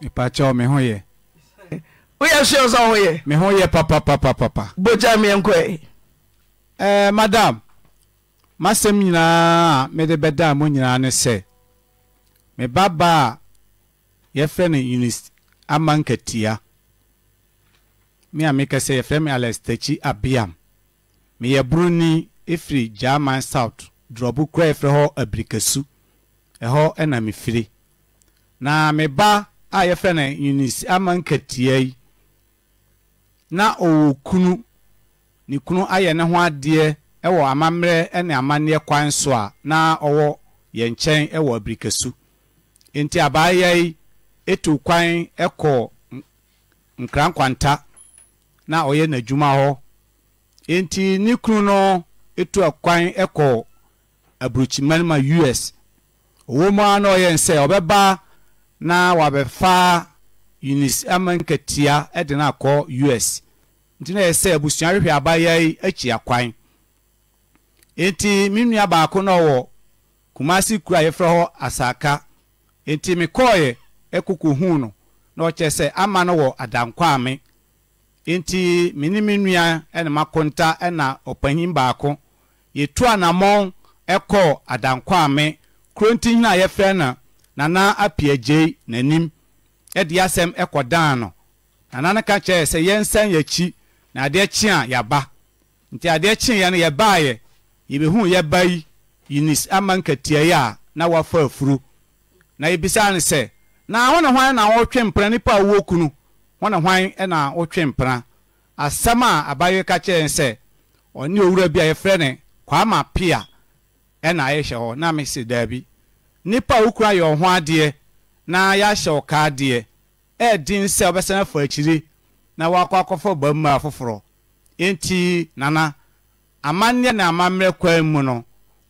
mepakyɛw me ho yɛ woyɛ hwɛ wo sɛ wo yɛ me ho yɛ papapapapapa bogya meɛnkɔɛ eh, madam masɛm nyinaa a mede bɛdaa mo nyinaa ne sɛ me baba a yɛfrɛ no unis ama nkatia me a mekɛ sɛ yɛfrɛ me alestakyi abiam meyɛ boroni ɛfiri german south dorɔbo kora yɛfrɛ hɔ abirikasu ɛhɔ ɛna mefiri na me ba a yɛfrɛ no unis ama nkatia yi na ɔwɔ kunu ne kunu ayɛ ne ho adeɛ ɛwɔ amammerɛ ne amanneɛ kwan so a na ɔwɔ yɛn nkyɛn ɛwɔ abirikasu nti abaayewa yi etu kwan ɛkɔ nkrankwanta na ɔyɛ n'adwuma hɔ nti ne kunu no etu kwan ɛkɔ aburukyimanima us Owomaa na ɔyɛ nsɛ ɔbɛba. na wabɛfa unis ama nketea de no akɔ us nti na yɛ sɛ abusua hwehwɛ abayɛ yi akyia kwan nti me nua baako na ɔwɔ kumasi kura yɛfrɛ hɔ asaka nti mekɔɔyɛ ɛkokohuu no na ɔkyerɛ sɛ ama no wɔ adankwaame nti me ne me nua ɛna makonta ɛna ɔpanyin baako yɛtu anammɔn ɛkɔɔ adankwaame kuro ntinhin a yɛfrɛ na na nana apiagyei n'anim ɛde asɛm dan no nana no ka kyerɛ sɛ yɛnsan yɛkyi na adeɛ kye a yɛaba nti adeɛ kyeeɛ no yɛbaeɛ yɛbɛhu yɛba yi yunis ama nkatiayi a na wafa afuru na yɛbisaa no sɛ na hɔne hwan na wɔtwe mpena nnipa a wɔwɔ kunu hɔne hwan na wɔtwe mpena asɛm a abayewa ka kyerɛ sɛ ɔne owura bi a yɛfrɛ ne kwama pia ɛna hyɛ hɔ na mesi daabi nipa a wokura yɛ ɔho adeɛ na yɛahyɛ wo ka adeɛ ɛɛdin nsɛ wobɛsan afa akyiri na wakɔ akɔfa ba mu afoforɔ enti nana amanneɛ ne amammerɛ kwan mu no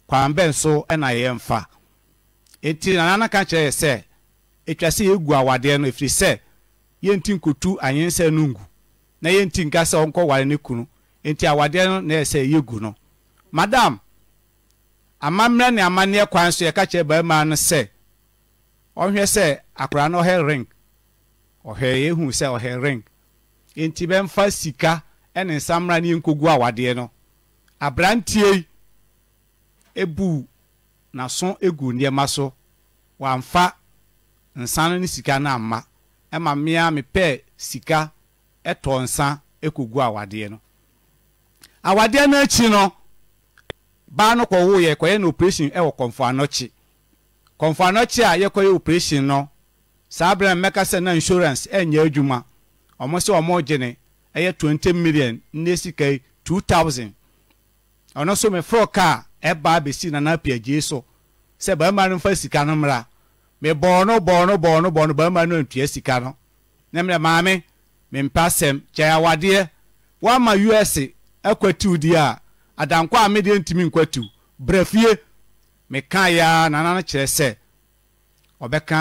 kwan bɛn so ɛna yɛmfa enti nana no ka kyerɛ yɛ sɛ ɛtwa sɛ yɛgu awadeɛ no ɛfiri sɛ yɛnti nkutu anyensɛ no ngu na yɛnti nka sɛ ɔnkɔ ware ne kunu enti awadeɛ no na ɛyɛ sɛ yɛgu no madam amammerɛ ne amanneɛ kwan so yɛka kyerɛ barima no sɛ ɔhwɛ sɛ akora no ɔhɛ ring ɔhwɛ yɛhu sɛ ɔhɛ ring enti bɛmfa sika ɛne nsamra ne yɛnkogu awadeɛ no yi ebu n'aso egu nneɛma so wamfa nsa no ne sika no amma ɛma mmea mepɛ sika ɛtɔ nsa ekogu awadeɛ no awadeɛ no akyi no baa no yɛ kɔyɛ no operation ɛwɔ kɔmfoanɔkye kɔmfoanɔkye a yɛkɔyɛ operation no saa abiria na mɛka sɛ na insurance ɛnyɛ adwuma ɔmo sɛ ɔmo gye ne ɛyɛ 20 million ne sika yi 2000 ɔno nso mefrɛ kaa ɛbaa bɛsi nana piagyee so sɛ barima no mfa sika no mmra mebɔɔ no bɔɔ no bɔɔ no bɔɔ no barima no antua sika no na mmerɛ maame mempɛ asɛm kyɛɛ awadeɛ woama us akwatiw di a adankwa a medeɛ ntumi nkwatu brɛ fie meka ya nana no kyerɛ sɛ ɔbɛka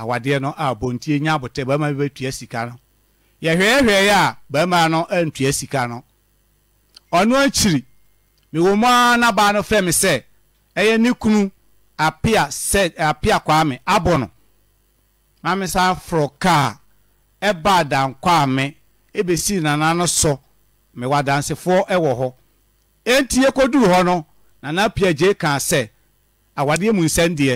awadeɛ no a bɔntie nya abotɛ bɛrima bi bɛtua sika no yɛhwɛɛhwɛeɛ a bɛma no antua sika no ɔno akyiri mewɔ mu ara n'aba no frɛ me sɛ ɛyɛ ne kunu apia sɛ apia kwame me abɔ no maame san forɔ kaa ɛbaa dankwaa me ebesi nana no sɔ mewɔ adansefoɔ ɛwɔ hɔ enti yɛkɔduru hɔ no nana pia gye kaa sɛ awadeɛ mu nsɛm deɛ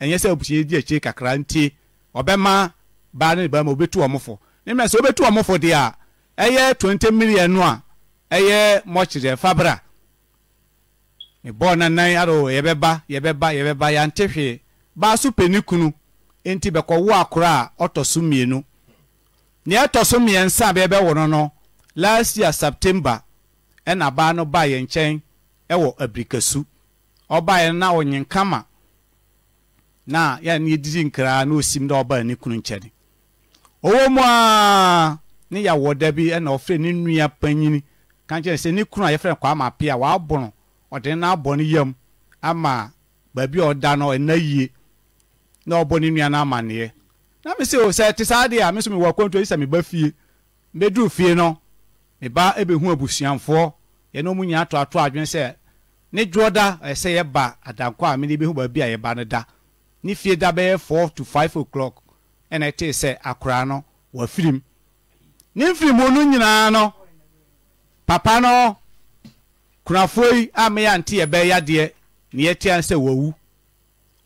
ɛnyɛ sɛ abusua di akyire kakra ntie ɔbɛma baa ne baa bɛrima obɛtu wɔn fo ne mmerɛ sɛ obɛtu wɔn fo deɛ a ɛyɛ twenty million no a ɛyɛ mɔkyerɛ fabra ne bɔɔl nanan aro yɛbɛba yɛbɛba yɛbɛba yante hwee baa so pɛ ne kunu enti bɛkɔwo akora a ɔtɔ so mmienu nea ɛtɔ so mmiɛnsa a bɛbɛwɔ no no last year september ɛna baa no baa yɛn nkyɛn ɛwɔ abirikasu ɔbaa yɛn na nkama na yɛn ne yɛdidi nkraa na osim na ɔbaa ne kunu nkyɛn ɔwɔ mu aa ne yàwɔ da bi ɛna ɔfrɛ ne nua panyini kankyɛn sɛ ne kunu a yɛfrɛ Kwame Appiah wabɔ no ɔde no abɔ ne yam ama baabi a ɔda no ɛna yie na ɔbɔ ne nua no amaneɛ na mesɛ o sɛ te saa deɛ a me so mewɔ akwantuo yi sɛ meba fie mɛduru fie no meba ɛbɛhu abusuamfoɔ yɛne mu nyinaa atoato adwene sɛ ne dwoɔ da ɛyɛ sɛ yɛba a baabi a yɛba no da ne fie da bɛyɛ 4 to o'clock ɛna ɛtee sɛ akoraa no wafirim ne nyinaa papa no kunafoɔ yi a meyɛ ante yɛbɛyɛ adeɛ ne yɛtea sɛ wawu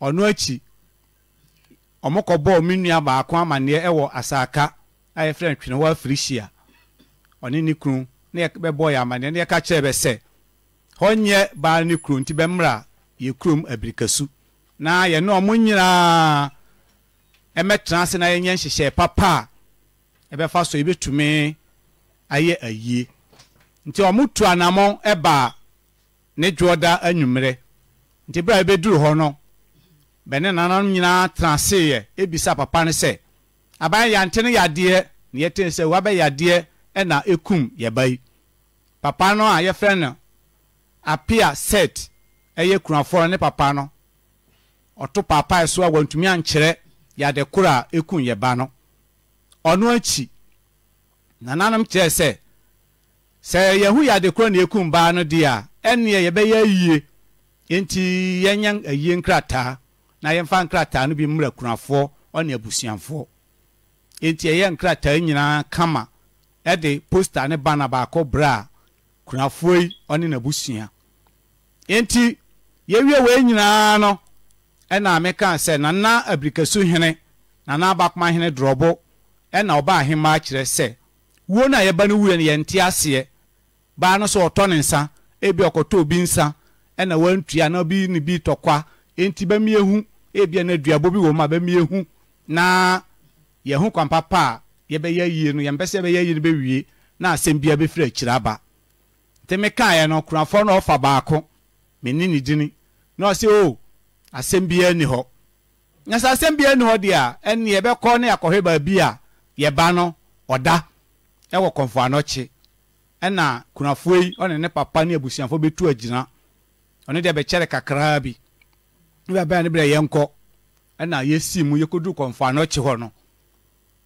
ɔno akyi ɔmokɔbɔɔ me nua baako amanneɛ ɛwɔ asaaka a yɛfrɛ ntwene ɔne ne kunu na yɛbɛbɔ yɛ amaneɛ na yɛka kyerɛ bɛ sɛ hɔnyɛ baa ne kuro nti bɛmmra yɛ kurom abirikasu na yɛne ɔmo nyinaa ɛmɛtena ase na yɛnyɛ nhyehyɛ papa a ɛbɛfa so yɛbɛtumi ayɛ ayie nti ɔmo tu anammɔn ɛbaa ne dwoɔda anwummerɛ nti bere a yɛbɛduru hɔ no bɛne nananom nyinaa tena aseeɛ ebisa papa no sɛ aban yɛante no yadeɛ na yɛte sɛ wabɛyadeɛ ɛna ekum yɛba yi papa no a yɛfrɛ no apia set ɛyɛ kunafoɔ ne papa no ɔto papa so a wɔntumi ankyerɛ yɛade koro a ekum yɛba no ɔno akyi nananom kyerɛ sɛ sɛ yɛho yɛade koro na ekum baa no deɛ a ɛneɛ yɛbɛyɛ ayie enti yɛnyɛ ayie nkrataa na yɛmfa nkrataa no bi mmra kunafoɔ ɔne abusuafoɔ enti ɛyɛ nkrataa nyinaa kama de posta ne bana baako berɛ a kunafoɔ yi ɔne n'abusua Nti yɛwie wei nyinaa no ɛna meka sɛ nana abirikasu hene nana abakoma hene dorɔbo ɛna ɔba ahemmaa kyerɛ sɛ wuo no a yɛba no wura no yɛnte aseɛ baa no so ɔtɔ ne nsa ebi ɔkɔtɔ obi nsa ɛna wantua na obi ne bi tɔkwa Nti bɛmi hu ebi na aduabo bi wɔ mu a bɛmi hu na yɛho kwan papa a yɛbɛyɛ yie no yɛmpɛ sɛ yɛbɛyɛ yie no bɛwie na asɛm bia bɛfiri akyiri aba nti mekaeɛ no kunafoɔ no ɔfa baako mene ne dini na ɔsɛ o oh, asɛm bia ni hɔ na sɛ asɛm bia ni hɔ deɛ a ɛne yɛbɛkɔ ne akɔhwɛ baabi a yɛba no ɔda ɛwɔ kɔmfoanɔkye ɛna kunafoɔ yi ɔne ne papa ne abusuafoɔ bɛtu agyina ɔno deɛ bɛkyɛre kakraa bi ne bɛbɛa ne berɛ yɛnkɔ ɛna yɛsi mu yɛkɔduru kɔmfoanɔkye hɔ no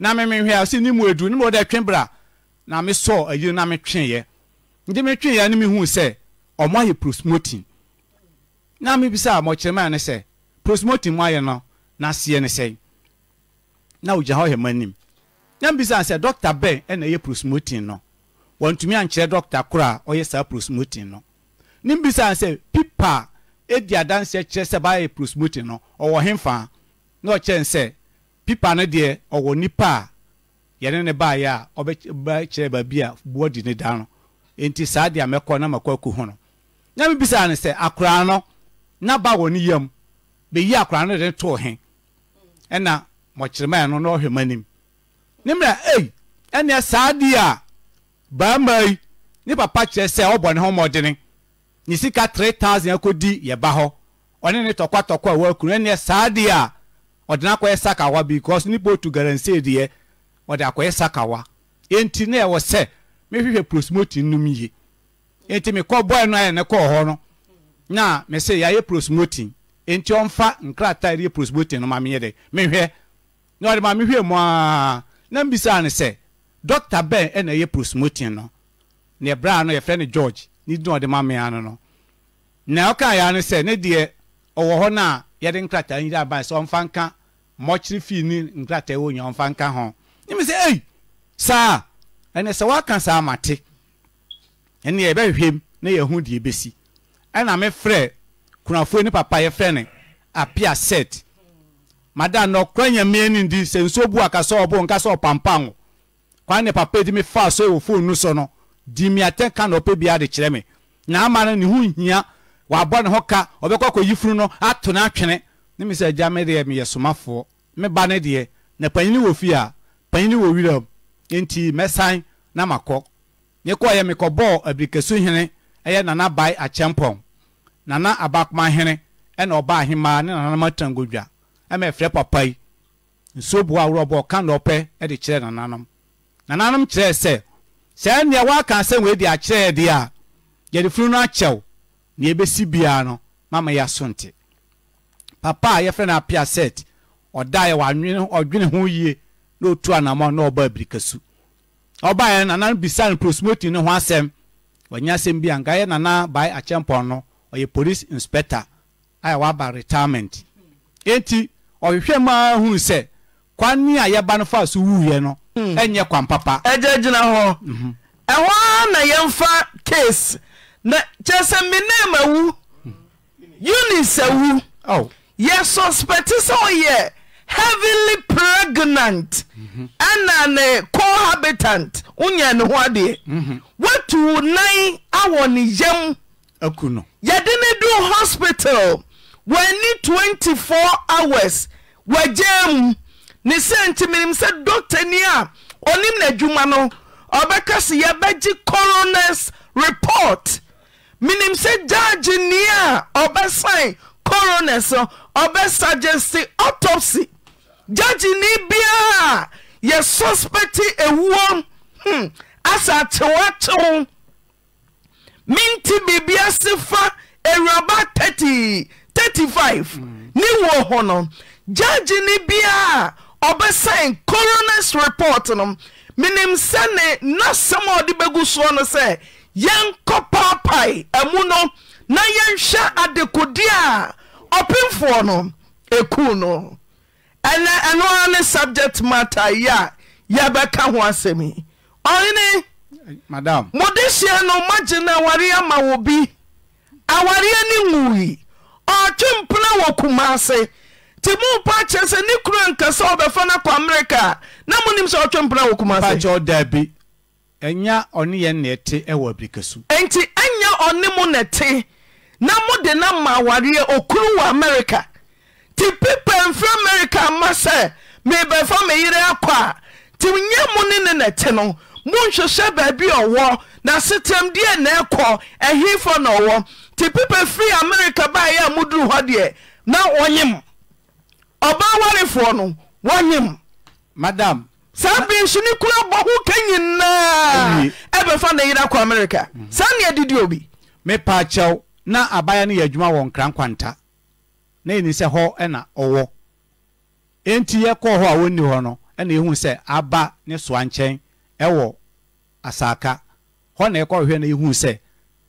na memehwɛ a sɛ ne mu adu ne mɔda twe bra na mesɔ ayiri na metweeɛ nti metweeɛ no mehuu sɛ ɔmo ayɛ prosmotin na mebisa a mɔkyerɛma ne sɛ prosmotin mo ayɛ no naseɛ ne sɛe na ogya hɔ hɛ m'anim na mbisa sɛ dɔkta bɛn ɛna ɛyɛ prosmotin no wɔntumi ankyerɛ dɔkta koro a ɔyɛ saa prosmotin no ne mbisa sɛ pipa a ɛdi adanseɛ kyerɛ sɛ baayɛ prosmotin no ɔwɔ hemfaa na ɔkyerɛ sɛ pipa no deɛ ɔwɔ nipa a yɛne ne baayɛ a ɔbɛkyerɛ baabi a boa di ne da no enti saa deɛ mɛkɔ na makɔ aku ho no nyame bisaa ne sɛ akoraa no na ba wɔ ne yam bɛyi akoraa no de ne too he ɛna mɔkyerema no na ɔhwɛ m'anim ne mmerɛ ei ɛneɛ saa deɛ a barima yi ne papa kyerɛ sɛ ɔbɔ ne ho mmɔdene ne sika 3000 akɔdi yɛba hɔ ɔne ne tɔkwatɔkwa a wɔakunu ɛneɛ saa deɛ a ɔde no akɔyɛ sakawa because nipa otu galamsey dị ɔde akɔyɛ sakawa enti na ɛwɔ sɛ mehwehwɛ prosmotin nom yie enti mekɔ bɔɛ no ayɛ ne kɔɔ hɔ no na mese yɛayɛ prosmotin enti ɔmfa nkrataa yɛ prosmotin no ma meyɛ dɛ mehwɛ na ọ dị ma mehwɛ mu aa na mbisa ne sɛ dọkịta bɛn na ɛyɛ prosmotin nọ na ɛbrɛ no yɛfrɛ no george ne dina ɔde ma mea no no na ɔka yɛ ano sɛ ne deɛ ɔwɔ hɔ no a yɛde nkrataa yi de aban sɛ ɔmfa nka mɔkyere fii ne nkrataa wɔ nyɛ ɔmfa nka ho nimi sɛ ei saa ɛnɛ sɛ woaka saa mate ɛne yɛbɛhwem na yɛho deɛ bɛsi ɛna mefrɛ kunafoɔ ne papa yɛfrɛ ne apia set madam na ɔkora nyamea no ndi sɛ nsuo bu aka sɛ ɔbo nka sɛ ɔpampa wo kwan ne papa di me faa so wɔ fonu so no di mi atɛnka na ɔpɛ biara de kyerɛ me na ama no ne ho hia wabɔ ne ho ka ɔbɛkɔ akɔyi funu no ato na atwene ne mi sɛ agya me deɛ meyɛ somafoɔ me ba ne deɛ na panyin wɔ fie a panyini wɔ wiram nti mɛsan na makɔ yɛkɔɔ yɛ mekɔbɔɔ abirikasu hene ɛyɛ nana bae akyɛmpɔn nana abakoma hene ɛna ɔba ahemaa ne nananama tangodwa ɛma ɛfrɛ papa yi nsuo boa aworɔbɔ ka na ɔpɛ ɛde kyerɛ nananom nananom kyerɛ sɛ sɛ nea woaka sɛ wei de akyerɛɛ deɛ a yɛde funu no akyɛw nea ɛbɛsi biara no mama yɛ asonte papa a yɛfrɛ no apia set ɔdaeɛ ɔdwene ho yie na ɔtu anammɔ na ɔba abirikasu ɔbaeɛ nana bisa no prosmotin no ho asɛm wɔnyɛ asɛm bi anka yɛ nana bae akyɛmpɔn no ɔyɛ police inspector a waba retirement enti ɔhwehwɛ maa hunu sɛ kwan a yɛba no fa so wuiɛ no hmm. ɛnyɛ kwan papa ɛgya hɔ mhm. ɛhɔ na yɛmfa case na kyerɛ sɛ me nam awu hmm. unis awu yɛso spɛte sɛ wɔyɛ heavily pregnant ɛna ne cohabitant wonyane ho adeɛ mhm. woatuo nan awɔ ne yam yɛde ne du hospital wani 24 hours wagyaa mu ne sɛ ntyi menim sɛ dɔctani a ɔnim noadwuma no ɔbɛkɛ sɛ yɛbɛgye coroneus report menim sɛ jadge ne a ɔbɛsane corone s ɔbɛsagesy autopsy gyagyene biara a yɛ suspɛte ɛwuo asa akyewa akyeww menti biribia se fa awuraba 35 ne wɔ ho no gyagyene biaa a ɔbɛsaen coronest report no menim sɛne n'asɛm ɔde bɛgu soɔ no sɛ yɛnkɔ paapae amu no na yɛnhwɛ adekodi a ɔpemfoɔ no ɛku no ɛnɛ ɛno ara ne subject matter yi a yɛbɛka ho asɛm yi ɔene mode hyeɛ no magye no awareɛ ama wɔ bi awareɛ ne nwui ɔtwe mpena wɔ kuma ase nti mopa kyerɛ kuro amerika na na na mode na ma awareɛ ɔkunu wɔ amerika te pepe mfirɛ amerika amma sɛ mebɛfa meyere akɔ a ntinyɛ mo ne ne ne te no monhwesɛ baabi a ɔwɔ nasetɛmdeɛ na ɛkɔ hefɔ na ɔwɔ te pepɛ firi amerika baayɛ a moduru hɔ deɛ na ɔyem ɔba warefoɔ no wɔnyema saa berɛ nso ne kura bɔ ho kɛ nyinaa bɛfamyer kɔ amerikasaneddiob na abaya no yɛ adwuma wɔ nkrankwanta na yɛni sɛ hɔ na ɔwɔ nti yɛkɔɔ hɔ a wɔnni hɔ no ɛna yɛhu sɛ aba ne soa nkyɛn ɛwɔ asaaka hɔ na yɛkɔhwɛ na yɛhu sɛ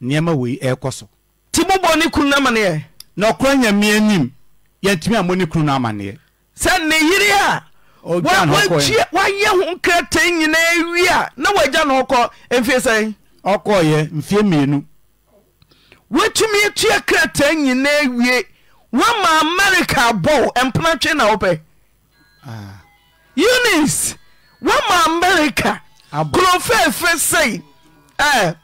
nneɛma wei ɛrekɔ so nti bɔ ne kunu na amanneɛ na ɔkorɔ nyame anim yɛntumi ammɔ ne kunu no amanneɛ sɛ ne yere a wayɛ ho nkrata nyinaa wi a na wagya no ɔkɔ mfie sɛn ɔkɔɔyɛ mfie mmienu wotumi atua krataa nyinaa wie woma amerika abɔ mpenatwe nawopɛ unis woma amerika krofɛ fe sei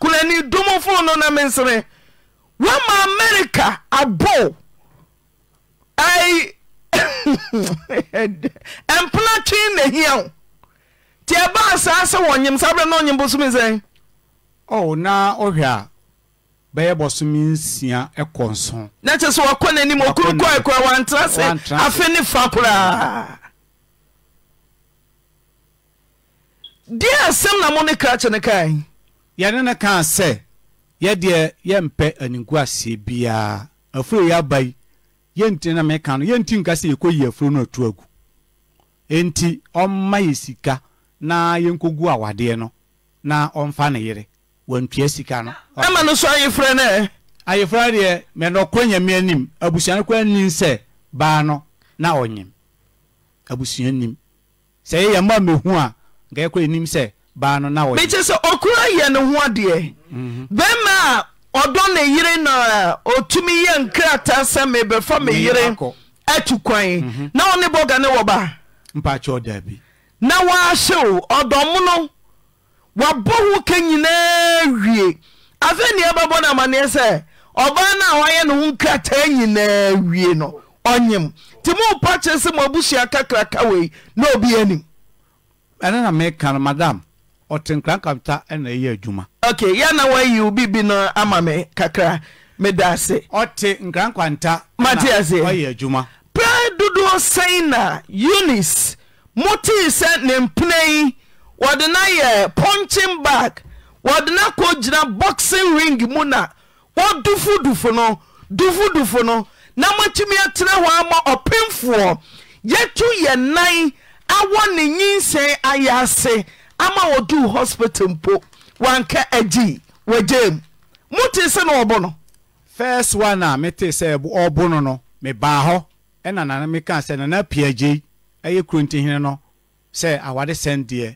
kooni domfo no na mnsere wma amerika abɔ mpenatwe na hiawo nti aba saa se wɔnyemsaberɛ ne ɔnyemosomi sɛnhɛ bɛyɛ bɔsome nsia kɔ nso na kyɛ sɛ wɔkɔ n'anim ɔkuru kɔe kora wɔantra se afe ne fa koraa deɛ asɛm na mo ne kra kye ne kae yɛne ne kaa sɛ yɛdeɛ yɛmpɛ aningu aseɛ biara afuro yɛ aba yi yɛnti na meka no yɛnti nka sɛ yi afuro no atu agu enti ɔmma yɛ sika na yɛnkɔgu awadeɛ no na ɔmfa ne yere wantua sika no ama no so ayefrɛ nɛ ayefrɛ deɛ mɛnɔkora nyame anim abusua no kora nim sɛ baa no na ɔnyem abusua nim sɛ ɛyɛ yɛmma a mɛhu a nka yɛkora nim sɛ baa no na ɔnyem mekyɛ sɛ ɔkora yɛ ne ho adeɛ mhm. bɛma a ɔdɔ ne yere na ɔtumi yɛ nkrataa sɛ mebɛfa me yere atu kwan mhm. na ɔne bɔga ne wɔ ba mpakyɛ ɔdaabi na wɔahyew ɔdɔm no wabɔ ho ka nyinaa wie afei nneɛ ɛbɛbɔ no amanneɛ sɛ ɔbaa no a wayɛ ne ho nkrataa nyinaa wie no ɔnyim nti mopa kyerɛ sɛ moabusua kakraka wei na obi anim ɛne na meka no madam ɔte nkrankamta na ɛyɛ adwuma ok yɛna woayi wo biribi no ama me kakra meda ase ɔte nkrankwanta matiase ɔyɛ adwuma pra dodoɔ sɛn na unis motee sɛ ne mpena yi wɔde na yɛ ponching back wɔde na kɔ gyina boxing ring mu na wɔdofo dofo no dufo dufo no na moatumi atena hɔ ama ɔpemfoɔ yɛtu yɛ nan awɔ ne nyinsɛe ayɛ ase ama wɔdouo hospital mpo wanka agi wayem mote sɛ no ɔbo no firs 1n a mete sɛ ɔbo no no mebaa hɔ ɛna nana mekaa sɛ nana pii agyei ɛyɛ krontiene no sɛ awade sɛndeɛ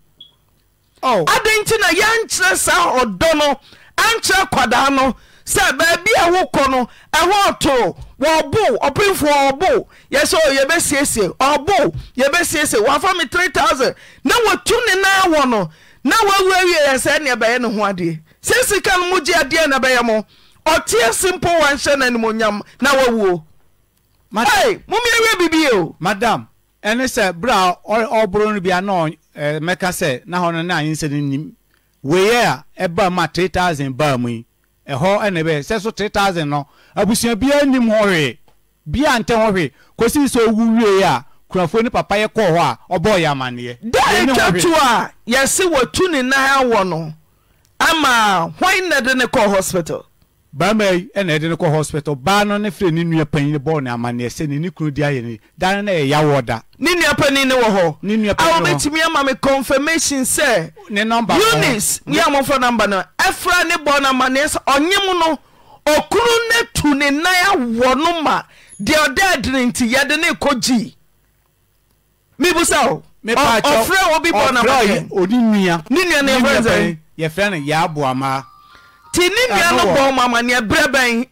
Oh. adɛn nti na yɛnkyerɛ saa ɔdɔ no ankyerɛ kwadaa no sɛ baabi a wokɔ no ɛhɔ ɔtoo wɔbo ɔpemfoɔ ɔbo yɛsɛ oh, yɛbɛsiesie ɔbo yɛbɛsiesie wɔafa me 3000 na wɔtu ne naa wɔ no na woawura wie yɛ sɛ nea ɛbɛyɛ ne ho adeɛ sɛ sika no mogye adeɛ na ɛbɛyɛ mo ɔteɛ si mpo wanhyɛ no animonyam na wawuo momeɛwɛ bibi o madam ɛne sɛ berɛ a ɔboro no bia na Eh, mɛka sɛ na hɔ no na anyensɛ no nim weiyɛ a ɛba ma 3000 baa mu yi ɛhɔ ɛna ɛbɛyɛ sɛ so 3000 no abusua biara nim hɔ hwee biara ntɛ hɔ hwee kɔsi sɛ owu wie a kurafoɔ ne papa ya kɔɔ hɔ a ɔbɔɔ yɛ amanneɛ. da etwa to a yɛsi wɔtu ne nan awɔ no ama hwan na de ne hospital. barima yi ɛna hospital baa nọ ne firi ne nua panyin ni ne amanneɛ sɛ ni ne kunu di ayɛ ne dan no ɛyɛ yawoɔ da. ne nua panyin ama mi confirmation Eunice a na no ne tu ne nan awọ no ma deɛ ɔda adiri nti yɛde ne kɔ gyi. mibusa o. ɔfrɛ obi oni nua. nua ama. nti ne nua bɔ m amanneɛ bɛn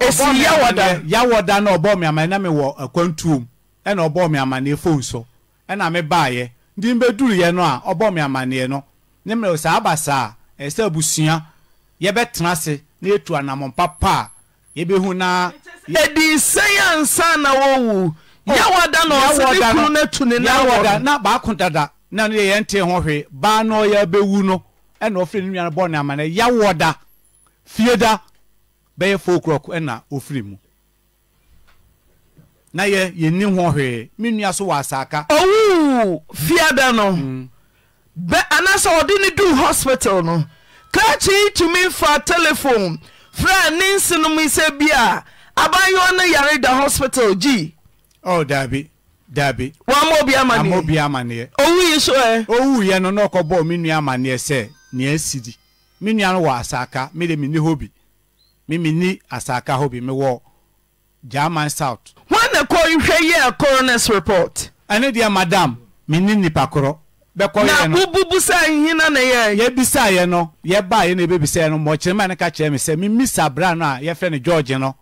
na ɔbɔɔ me na mewɔ akwantuom ɛna ɔbɔɔ me amanneɛ fon so ɛna mebaeɛ duru mbɛduruiɛ no a ɔbɔɔ no ne saa aba saa a ɛsɛ abusua yɛbɛtena ase na yɛtu anammɔmpa a na ɛdi nsɛn ansa na wɔwu yawɔda na ɔsɛ ne kunu na baako na yɛ ho baa na ɔyɛ no ɛna fieda bɛyɛ four o'clock ɛna ofiri mu na yɛ yɛnni hɔ hwee me nua so wɔ asaaka. owu fieda no bɛ anaasɛ ɔde ne du hospital no kakyi tumi fa telephone frɛ ne nsinom sɛ bi a abayewa no yare da hospital gyi. ɔ daabi daabi. wɔn amɔ bi amaneɛ amɔ bi amaneɛ. owu yi so ɛ. owu yɛ no na ɔkɔ bɔ ɔmi nua amaneɛ sɛ nea esidi. me nua no wɔ asaaka mi ni hobi mi mi ni asaaka hɔ bi mewɔ german south hɔna kɔ nhwɛ yɛ coroner's report ɛne deɛ madam menni nnipa korɔ bɛkɔyɛnobubusa hina na yɛ yɛbisaeɛ no yɛbaa yɛ na yɛbɛbisaeɛ no mmɔkyerɛma ne ka kyerɛ me sɛ memisa bra no a yɛfrɛ no george no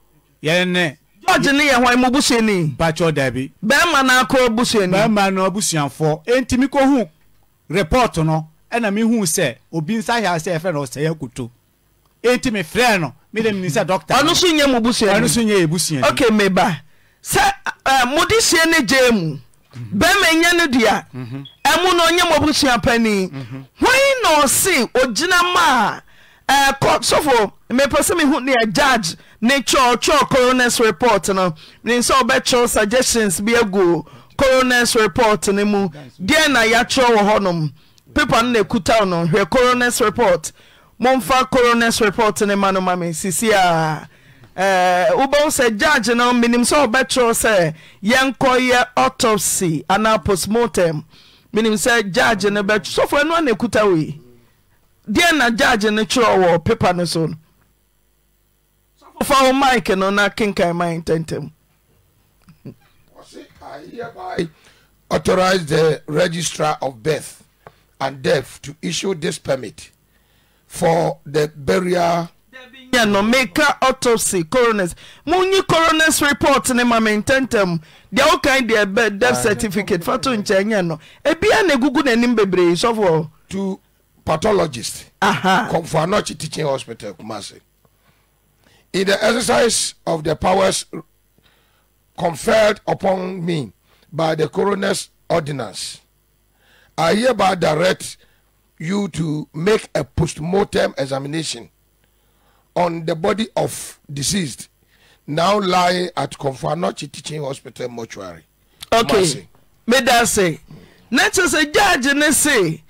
yɛne george ne yɛ hwan mu busuani bakyɛ daabi bɛrima no akɔ busuani bɛrima no abusuafoɔ enti hu report no ɛna mehu sɛ obi nsa hea sɛ yɛfrɛ no ɔsɛeɛ akoto nti mefrɛ no meɛ mni sɛ dnsoy mbuy bsuabaɛ mode sua no gyeɛ mu mhm. bɛmanya no da m mhm. noɔnyɛmbosua pani hai mhm. naɔse ɔgyina ma asfo mp sɛ mehu nea jadge ne kyɛkyɛ corones report no ni sɛ ɔbɛkyɛ suggestions bi agu coroneus report no mu deɛ na yɛkyerɛ wɔ hɔ nom ppa no nkutaw nohɛ krones report momfa krones report ne manmamesswoɛ eh, sɛ jage nomeni sɛ ɔbɛkyerɛ sɛ yɛnkɔyɛ autopsy ana posmotem mensɛ agensfonaenkerɛpt and death to issue this permit for the burial. yẹn no meka autopsy coroners mo nyi coroners report ni ma mi ntɛntɛm deɛ o kan death ah. certificate Fatu nkyɛn yɛn no ebi a na egugu n'anim bebree sɔfo. to pathologist. for anochi teaching hospital kumasi in the exercise of the powers conferred upon me by the coroners ordinance. I hereby direct you to make a post-mortem examination on the body of deceased now lying at Konfanochi Teaching Hospital mortuary. Okay, meda se say, let us gyaagye judge se say,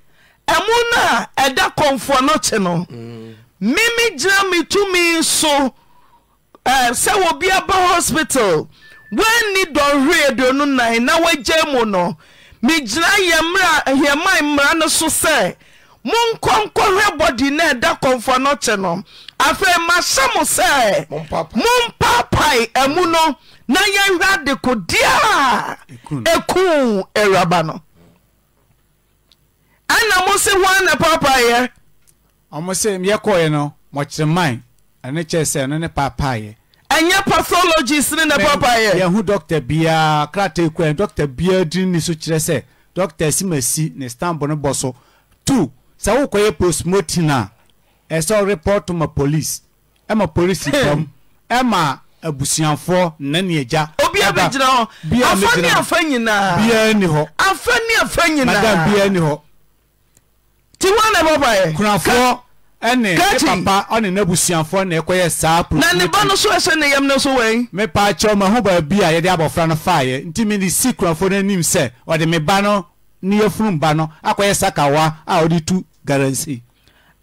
no eda ɛda Konfanochi no mm. mimi gyina me tumi so eh, sɛ wɔbi aba hospital wɔanni dɔnhwere aduonu nan na wɔagya mu no megyina yɛmman mmara no so sɛ monkɔ nkɔhwɛ bɔdi na ɛda kɔmfɔ no kye no afei mahyɛ mo sɛ mompaapae amu no na yɛhwɛ adekodeɛ a ɛku awuraba no ɛna mo se ho ana paapaeɛ ɔmo se yɛkɔɛ no mɔkyerɛman ɛne kyerɛ sɛ ɛno ne paapaeɛ enye pathologist ne na papayɛ yɛho dɔkta biaa krata kua dɔkta biaa din ni so kyerɛ sɛ dɔkta simasi ne stamp no bɔ so two sɛ wokɔyɛ postmortem a ɛsɛ report ma police ɛma police dam ɛma abusuafoɔ nna neagya obia bɛgyina hɔ afa ni afa nyinaa biaa ni hɔ afa ni afa nyinaa madam biaa ni hɔ nti hɔ na papayɛ kunafoɔ ɛne papa ɔne n'abusuafoɔ na ɛkɔyɛ saa pro na ne ba no so ɛsɛ ne yam no so wɛn mepa kyerɛ ma ho baabi a yɛde abɔfra no faeɛ nti mede si kurafoɔ no anim sɛ ɔde me ba no ne yɛfunu ba no akɔyɛ sakawa a ɔde tu garansi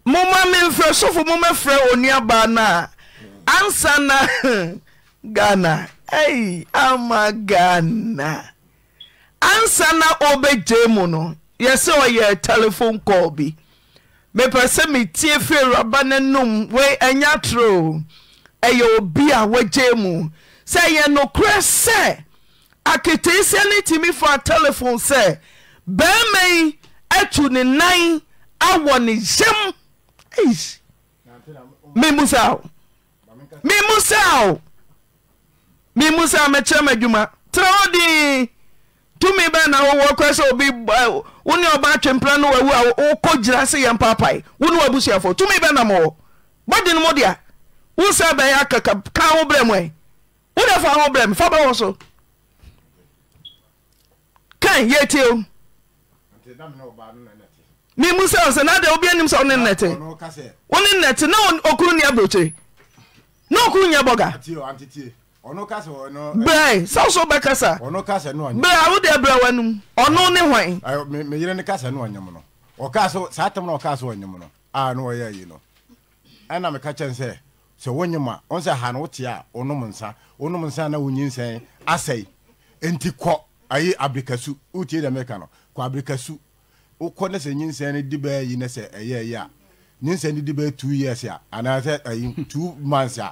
moma memfrɛ sofo momɛfrɛ no a na ghana ei ama ghana ansa na ɔbɛgye mu no bi mepɛ sɛ metia firii wraba no nom wei anya toro ɛyɛ obi a wɔagyaɛ mu sɛ ɛyɛnokora sɛ aketesiɛ no timi faa telefone sɛ bɛimɛyi atu ne nan awɔ ne yam mems a mem sɛ ao mem sɛ a mekyerɛ m' adwuma terɛ wode tumi bɛnawowɔ kor sɛ ob wone oba twempra no wokɔ gyira se yɛmpapai wone wabusuafo tumi bɛnamwɔ badi nomodea wosa bɛyɛka wo berɛ mu wode fa wo berɛ m fa bɛwɔ so ken yetio msɛsɛwobni sɛwonene one nɛte n okro neabre na okro ya ga bẹẹ sáwọsọ bẹ kasa bẹẹ awudi ẹbẹrẹ wẹnu ọnu ni hwan. mẹ yẹrẹ ni kasa ni ọnyam no ọkaasa saa tẹmu na ọkaasa ọnyam no a ni ọyẹ yi no ẹna mi ka kyẹn sẹ sɛ wonyim a ɔn sɛ ha no wote a wonom nsa wonom nsa na wonyi nsɛn asɛe enti kɔ ayi abirikasu wotie dɛ meka no kɔ abirikasu wokɔ ne sɛ nyinsɛn no di bɛɛ yi ne sɛ ɛyɛ ɛyɛ a nyinsɛn no di bɛɛ two years a anaasɛ ayi two months a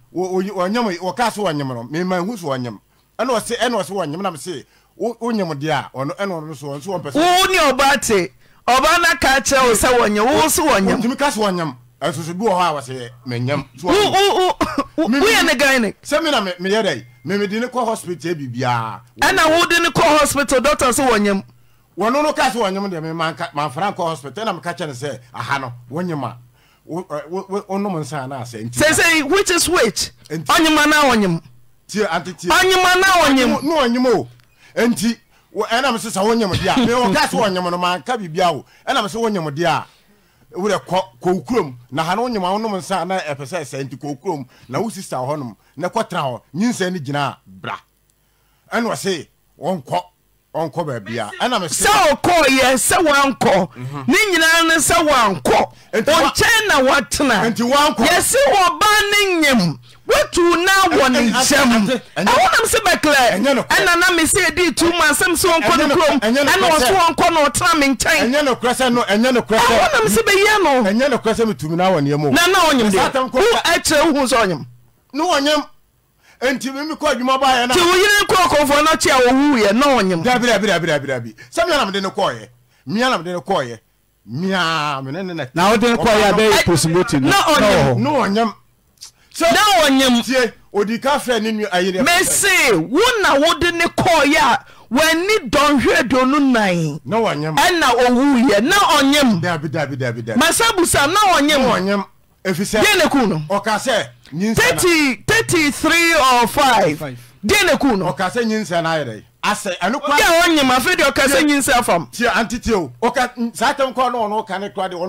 ka se wɔnym emaho so ɔy nsey s woyemdeɛ neakakrɛsɛikasɛ ɔny sosbi ɔhɔsɛysɛmina meyɛd meedene kɔ hospital birbianwodnpal nka seyɛfranspita naeka krɛno sɛ ha n wɔym ɔnom eh, nsa anaasɛ nti sɛsɛ which is which ɔnyima na ɔnyim ɔnyima na ɔnyim na ɔnyim o nti ɛnam sɛ sɛ wonyim deɛ a ɔka sɛ ɔnyim no manka biribia o ɛnam sɛ wonyim deɛ a wodɛ kɔ kɔwkurom na ha Na wonyim a wonom nsa na ɛpɛ sɛ ɛsɛ nti kɔwkurom na wo sista hɔnom na kɔtena hɔ nyinsɛ ni gyinaa bra ɛne ɔse wɔnkɔ sɛ okɔ yɛ sɛ woankɔ mhm. ne nyinaa ne sɛ woankɔ ɔnkyɛn na watena yɛse wɔba ne nyim woatu no awɔne nkyɛm awonam se bɛkla ɛnana me se edi tumua sɛ mese wnkɔ okrom naɔse wnk na ɔtena me nkyɛnwanam se bɛyia nonana nymde ɛkyerɛ wohu sɛ nymny nti mi mi kɔ adwuma ba yɛ ti o yiri kɔ kɔnfɔ na kye a owu yɛ na ɔnyim. dabi dabi dabi dabi dabi sɛ miya ni kɔ yɛ miya namdi ni kɔ yɛ miya mine ne na. na o de kɔ yɛ a posimoti na ɔnyim. na ɔnyim. na ɔnyim. tie odi ka fɛ ni nu ayi dɛ. mɛnse wo na wo de ni kɔ yɛ a w'ani dɔnhwere donu nan. na ɔnyim. ɛna owu yɛ na ɔnyim. dabi dabi dabi dabi. masa busa na ɔnyim. na ɔnyim efisɛ. yé ne kun no. ɔkasɛ thirty thirty three or five deɛ na kun no. ɔka sɛ nyinsa n'ayɛ dɛ. asɛ ɛnu kura. yíyá wọn nyima fẹ de ɔka sɛ nyinsa fam. de ɔno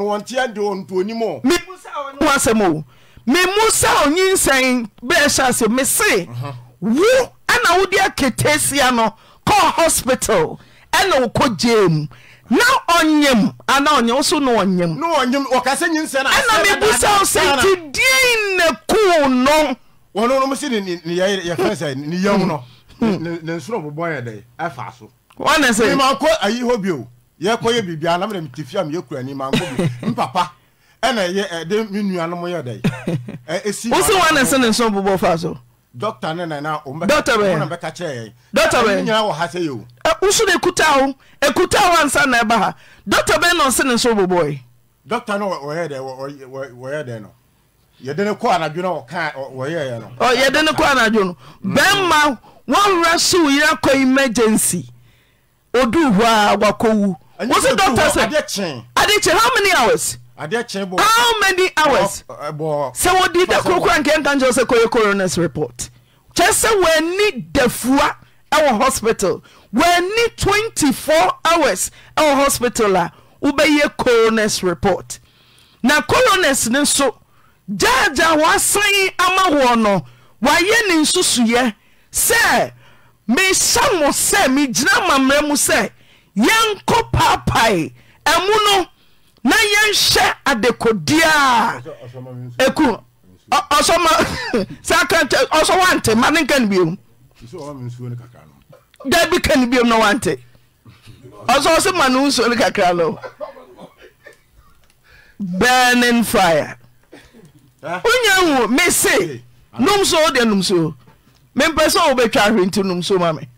wɔn de o ntoni mu. mi musa ɔnyi asɛm o mi bɛɛ hyɛ ase mi se wo ɛna wo de aketesia no kɔ hospital ɛna okɔ jail na onyem ana ɔnyɛ wo na ɔnyam ɛna mebu sɛ wo sɛ nti na kuu no wane sɛ yɛkɔ yɛ biribia na mede mete fie a meyɛkura ni mankɔ bi mpapa ɛna ɛde me nuanom yɛ dɛ ɛsi wo sɛ na se fa so dɔkta ne nana o mbɛ dɔkta bɛ ɔna bɛ ka kyerɛ yɛ dɔkta bɛ nyina o. Eh, de kuta ho ekuta eh, ho ansa na ɛba ha dɔkta bɛ na ɔsi ne nso bɔbɔ yi. dɔkta no wɔyɛ dɛ wɔyɛ dɛ no yɛde ne kɔ anadwo no ɔka wɔyɛ yɛ no. ɔ yɛde ne kɔ mm. anadwo no bɛrima wɔn wura kɔ emergency odu hɔ a wakɔ wu. wosi dɔkta sɛ how many hours. how many hours. bɔ sɛ wɔdi da kurukura nkɛ nkan kyerɛ sɛ kɔyɛ coroner's report kyɛ sɛ wɔani dafua ɛwɔ hospital wɔani 24 four hours ɛwɔ hospital a wobɛyɛ coroner's report na coroner's ne nso gyaagyaa wɔasan ama wɔn no wɔayɛ ne nsusuyɛ sɛ mehyɛ mo sɛ megyina amammerɛ mu sɛ yɛnkɔ paapae ɛmu no na yɛnhyɛ adekodeɛ a ɛku ɔsɔma saa ka nkyɛ ɔsɔ wante ma ne nka ne biom da bi ka ne biom na wante ɔsɔ ɔsɛ ma nsuo no kakra no burning fire eh? wonya wu me se nom so wode nom so mempɛ sɛ wobɛtwa ahwe nti numso so ma me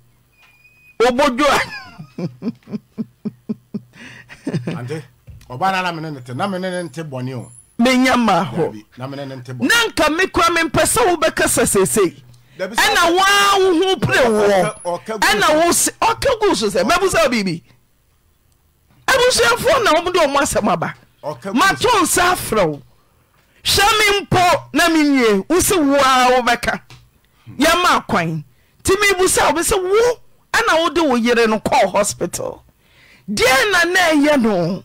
menya ma hna anka me koa mempɛ sɛ wobɛka sa sesei ɛna woa wo ho prɛ wona wos ɔka go so sɛ mabusao birbi abusuafoɔ na womde omo asɛm aba mato sɛ afrɛ wo hwɛ me mpɔ na meni wosi woa wobɛka yɛma kwan nti me busa wo mɛsɛ wo ana wode wo yere no kɔ hospital deɛ na naɛyɛ no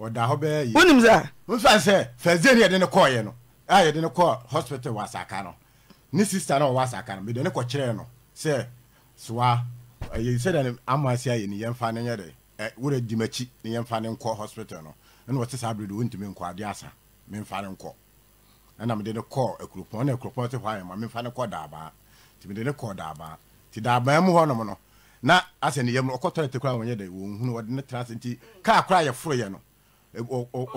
ɔda ah. hɔ bɛɛ yie wonim sɛ wofa sɛ fɛsɛ ne yɛde ne kɔɔyɛ no a yɛde ne kɔɔ hospital wɔ asaka no ne sista no ɔwɔ asaka no mede ne kɔkyerɛɛ no sɛ soa ɛyɛ sɛdeɛ ne ama ase ayɛ ne yɛmfa ne nyɛ de wora di m'akyi ne yɛmfa ne nkɔ hospital no ɛna wɔte saa berɛ de wɔntumi nkɔ ade asa memfa ne nkɔ ɛna mede ne kɔɔ akuropɔn na akuropɔn te hɔ ayɛ ma memfa ne kɔ no na asɛ ne yam no ɔkɔtɔre te kora wɔnyɛ de wɔnhunu wɔde ne tra se nti kaa kora yɛforoyɛ no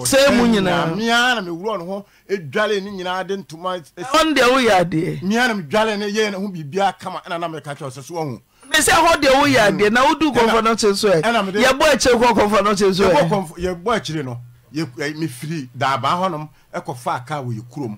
sɛ mu nyinaameanamewurne hodwale ne nyinaa de ntomadeɛ woyɛ adeɛ meanamdwale ne yɛɛ ne ho biribia kama ɛnanameka kyɛ sɛ so wahu mesɛ deɛ adeɛ na wodu kɔmfɔ no kye so yɛbɔ akyire kɔ no hɔnom wɔ yɛ kurom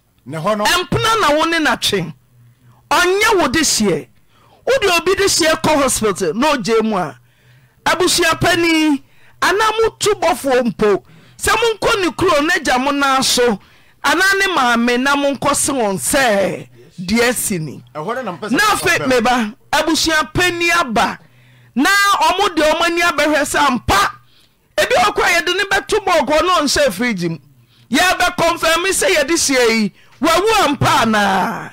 ɛmpena na wo ne natwe ɔnyɛ wo de hyeɛ wode obi de hyeɛ kɔ hospital na ogye mu a abusua pani anaa motu bɔfoɔ mpo sɛ monkɔ ne kuro na agya mo naa so anaa ne maame na monkɔ se wɔn sɛ deɛ si ni na afei meba abusua aba na ɔmo deɛ ɔma ani abɛhwɛ sɛ ampa ebi wɔkɔ a yɛde ne bɛto bɔɔkɔ na ɔnhyɛ firigyi m yɛbɛkɔmfɛmi sɛ yɛde hyeɛ yi wawu a mpa ana anaa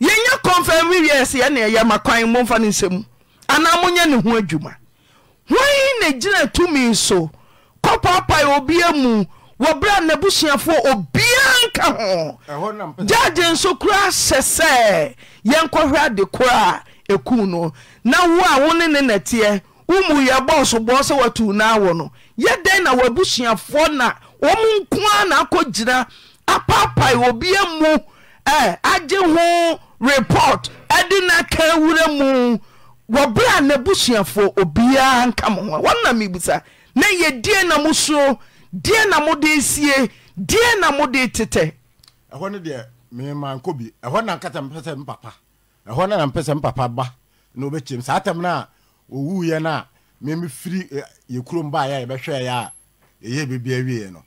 yɛnya kɔmfam wiwiɛsɛ na ɛyɛ ma kwan momfa no nsɛm anaa monyɛ ne ho adwuma hwan na gyina tumi so kɔpaapae obia mu wɔberɛ a n'abusuafoɔ obiaa nka ho gyagye nso koraa hyɛ sɛ yɛnkɔhwɛ ade koraa eku no na wo a wo ne ne nɛteɛ womu yɛbɔɔsobɔɔ sɛ woatu naa wɔ no yɛdɛn na w'abusuafoɔ na ɔmo nko a na akɔ gyina apaapae obia mu ɛ agye ho report ɛde na ka wura mu wɔberɛ a n'abusuafoɔ obiara nka mo ho a nam wɔnamebisa na yɛ die na mosuo die na de sie die na mode tetɛ ɛhɔ no deɛ memankɔ nkobi ɛhɔ nankata mpɛ sɛ mpapa ɛhɔ no nampɛ mpapa ba na wobɛkyem saa atam na tam no na ɔwuiɛ firi a kurom ba baayɛ a yɛbɛhwɛeɛ a ɛyɛ bebia wieɛ no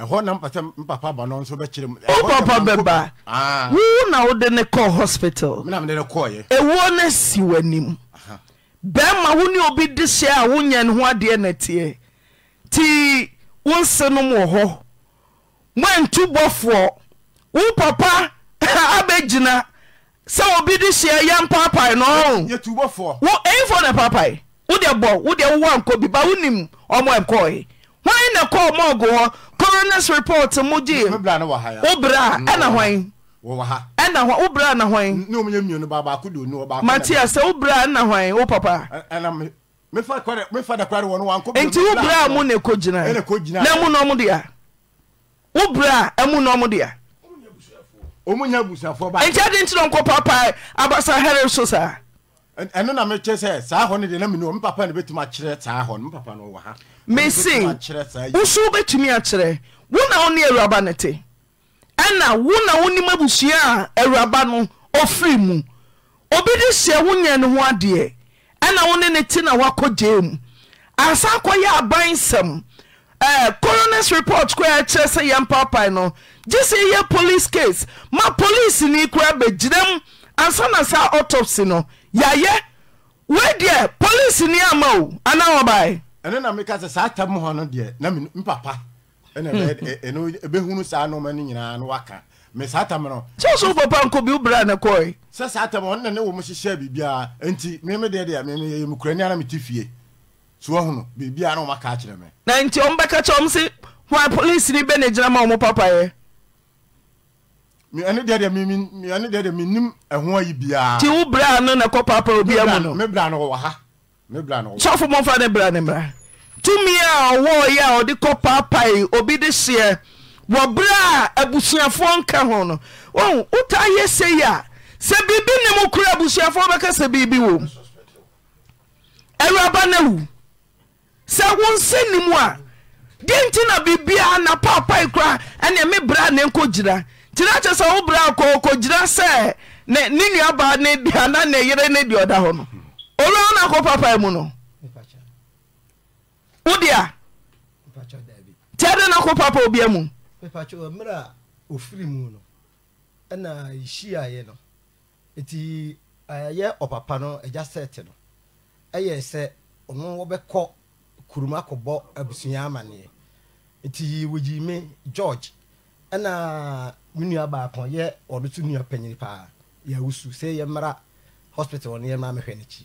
ɛhɔ na mpa sɛ mpapa ba no nso bɛkyerɛ mu wo papa bɛba ah. wo na wode ne kɔɔ hospital ɛwuo no si w'anim bɛrima wo ne obi de hyɛ a wonya ne ho adeɛ natiɛ nti wo nse nom wɔ hɔ moantu bɔfoɔ wo papa abɛgyina sɛ obi de hyɛ yɛ mpaapae no wo ɛyifo ne paapae wode bɔ wode wowankɔ bi ba wonim ɔmɔ ɛkɔɛ hwan na ɛkɔɔ mɔɔgo hɔ coroner's report mo gyee a ɛna hwan woberɛ a na hwanmatia sɛ woberɛ a nna hwan wo papa na woberɛ a mu ne ɛkɔgyinaa na mu nɔm dea a mu nɔm dea ɛnti ade nti no nkɔ papa abasa hare so saa na mekyɛ sɛ saa hɔ no na mene ɔ na papa no bɛtumi akyerɛ saa hɔ ahụ me papa ha mese woso wobɛtumi akyerɛ wo na wo ne awuraba no te ɛna wo na wonim abusua a awuraba no ɔfiri mu obi de hyɛ wo nyɛ ne ho adeɛ ɛna wo ne ne te na woakɔ gyee mu asa kɔyɛ aban sɛm coroners report koraa kyerɛ sɛ yɛ mpapae no gye sɛ yɛ police case ma police ni koraa bɛgyinam ansa na saa autopsy no yɛayɛ wei deɛ policeni ama o anaa wɔbae ɛno na meka sɛ saa tam hɔ no deɛ na mpapa ɛna hmm, hmm. ɛno ɛbɛhunu saa nneɛma no nyinaa no waka mɛ saa tam no. sɛ so papa nko bi wobra ne kɔe. sɛ saa tam hɔ no na ne wɔ mu hyehyɛ biribiara nti mɛmɛ deɛ deɛ mɛmɛ yɛ mu kura ni ara mi fie so ɔhunu biribiara na wɔn aka akyerɛ mɛ. na nti wɔn bɛka kyɛ wɔn se wɔn police ni bɛ ne gyina ma wɔn papa yɛ. ɛne deɛ deɛ mimi ɛne deɛ deɛ mi nim ɛho ayi biara. ti wo bra no na kɔ papa obi amu no. mɛ no wɔ ha sɔfo mɔmfa ne bra ne mmra tumi a ɔwɔɔyɛ a ɔde kɔ paapae obi de hyeɛ wɔ berɛ a abusuafoɔ nka ho no ɔhu wotaa yɛ sɛ yi a sɛ biribi ne mu kora abusuafoɔ bɛka sɛ biribi wɔ awuraba no wu ni mu a deɛ nti na biribiaa na paapae koraa ɛne me bra ne nkɔgyina nti na kyɛ sɛ wo bra kɔɔkɔgyina sɛ ne nuabaa ne deɛ ana ne yere ne deɛ ɔda hɔ owura no akɔ papae mu no wodea papa obia mu mmerɛ ɔfiri mu no ɛna yihyiaeɛ ɔpapa no agya sɛte no ɛyɛ sɛ ɔno wɔbɛkɔ kurom akɔbɔ abusua amanneɛ nti wɔgyi me george ɛna me nua baako yɛ ɔno so nua paa sɛ hospital mehwɛ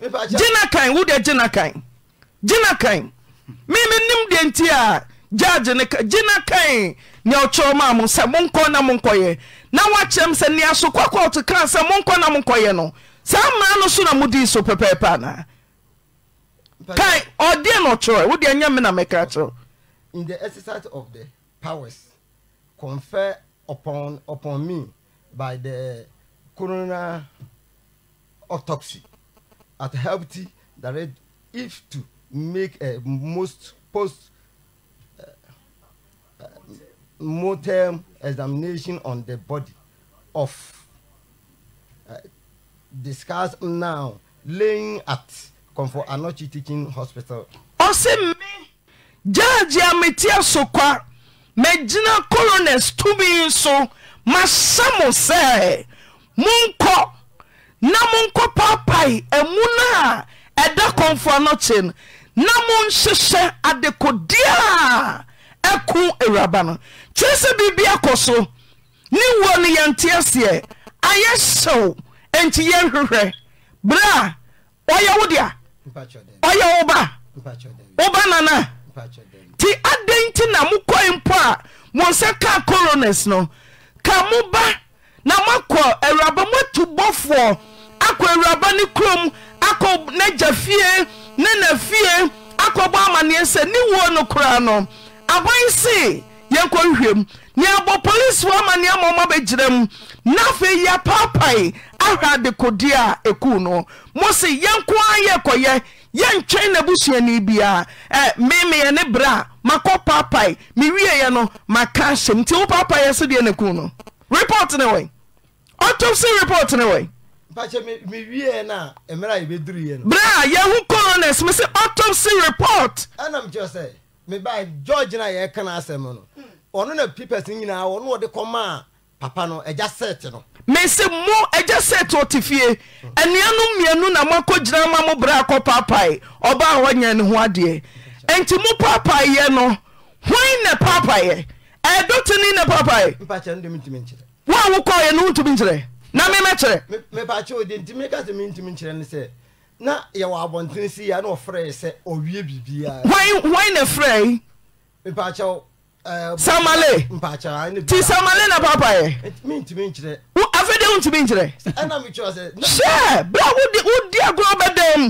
gyina kan wodeɛ gyina kan gyina kan memenim deɛ nti a gyage ne gyina kan nea ɔkyerɛw maa mo sɛ monkɔ na monkɔyɛ na woakyerɛ m sɛ nea so kɔkɔɔto kaa sɛ monkɔ na monkɔyɛ no saa mmara no so na modii so pɛpɛɛpɛ anaa kan ɔdeɛ na ɔkyerɛ wodeɛ nyɛ me na mɛka kyerɛw in the exercise of the powers conferred upon upon me by the coroner autopsy at healthy direct if to make a most post uh, uh, mortem examination on the body of uh, now laying at comfort anochi teaching hospital. ọsẹ mi jaajì àmìtí àsokwa mẹjìnnà colonels túbí nso máa ṣàmùsẹ mú nkọ. na monkɔ paapae amu no a ɛda kɔnfoa no kye no na monhyehyɛ adekodeɛ a ɛko awuraba no kyerɛ sɛ biribi akɔ so ne wuo no yɛnteaseɛ ayɛ hyew enti yɛnhwehwɛ berɛ a ɔyɛ wo dea ɔyɛ wo ba woba nana nti adɛn nti na mokɔe mpo a mo nsɛ kaa corones no ka moba na moakɔ awuraba moatu bɔfoɔ akɔ awuraba ne kurom akɔ n'agya fie ne na fie akɔbɔ amanneɛ sɛ ne wuo no koraa no aban se yɛnkɔhwehwɛm neabɔ polisifoɔ amanneɛ mɔma bɛgyina m na afei yɛapaapae ahwɛ ade kodi a eku no mo se yɛnko ara yɛkɔyɛ yɛntwɛn n'abusuani biaa memeyɛ ne berɛ a makɔ paapae mewieeɛ no maka hyɛm nti wo paapae yɛ so deɛ na eku no report ne wɔ si report ne wɔ mpakyɛ mi wie na mmerɛ a yɛbɛduru yɛ no. bere a yɛhu coroner's mi sɛ autopsy report. ɛna mi kyerɛ sɛ mi ba george na yɛ kan asɛm no ɔno na papers nyinaa ɔno ɔde kɔmaa papa no ɛgya set no. mese mo ɛgya set ɔte fie anuanom mmienu na moakɔ gyina ma mo berɛ akɔ paapae ɔbaa hɔ nyɛ ne ho adeɛ ɛnti Papa paapaeɛ no hwan na paapaeɛ ɛdɔteni na paapae. mpakyɛ no de mi ntumi nkyerɛ. wo a wokɔɔyɛ no wontumi nkyerɛ. na memɛ kyerɛɔi nɛ frɛismalti samale na paapa afde wo ntumi nkyerɛsɛ bera wode agoro bɛdam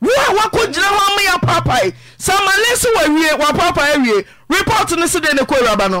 wo a wokɔgyina hɔ mayɛ paapae samale sɛ wowie wpaapae awie report no sode ne kɔwraba no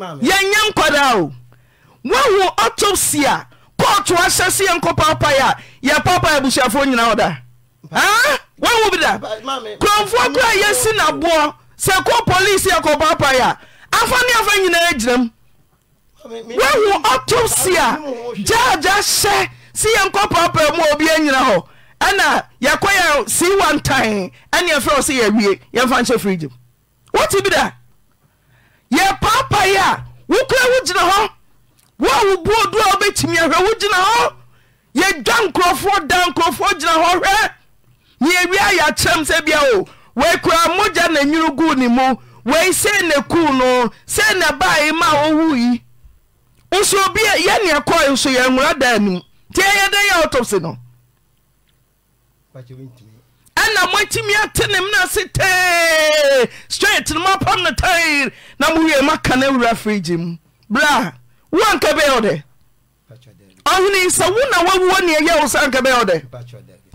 yɛnyɛ nkda o wohu ɔtosie a kɔtoa hyɛ sɛ yɛnkɔpawpai a yɛ pawpai abusyafoɔ nyina ɔdhu bi d kurɔmfoɔ koraa yɛsi naboɔ sɛ ko polise yɛkɔpapai a amfaneɛf nyina agyinam hu si a jae ahyɛ si yɛnkɔpawpai mua obi nyina hɔ na yɛ yɛ sii ant ne frɛ sɛ yɛwie yɛmfa nhyɛ frigbi yɛ paapae a wokora wo gyina hɔ wo a wobuo doa wobɛtumi ahwɛ wo gyina hɔ yɛdwa nkurɔfoɔ da nkurɔfoɔ gyina hɔ hwɛ ne yɛwie ayɛ akyerɛm sɛ bia o wei mogya na guu ne mu wei sei na kuu no sei na bae ma a ɔwui nso obi a yɛ nea nso yɛ nwura da anim nti ɛyɛ dɛ yɛ autopsy no ɛna moatimiatenemnase te strt mpamna namoemakan wra frigim br woanka bɛodɛ hene sɛ wona wowneyɛo ska ɛdɛ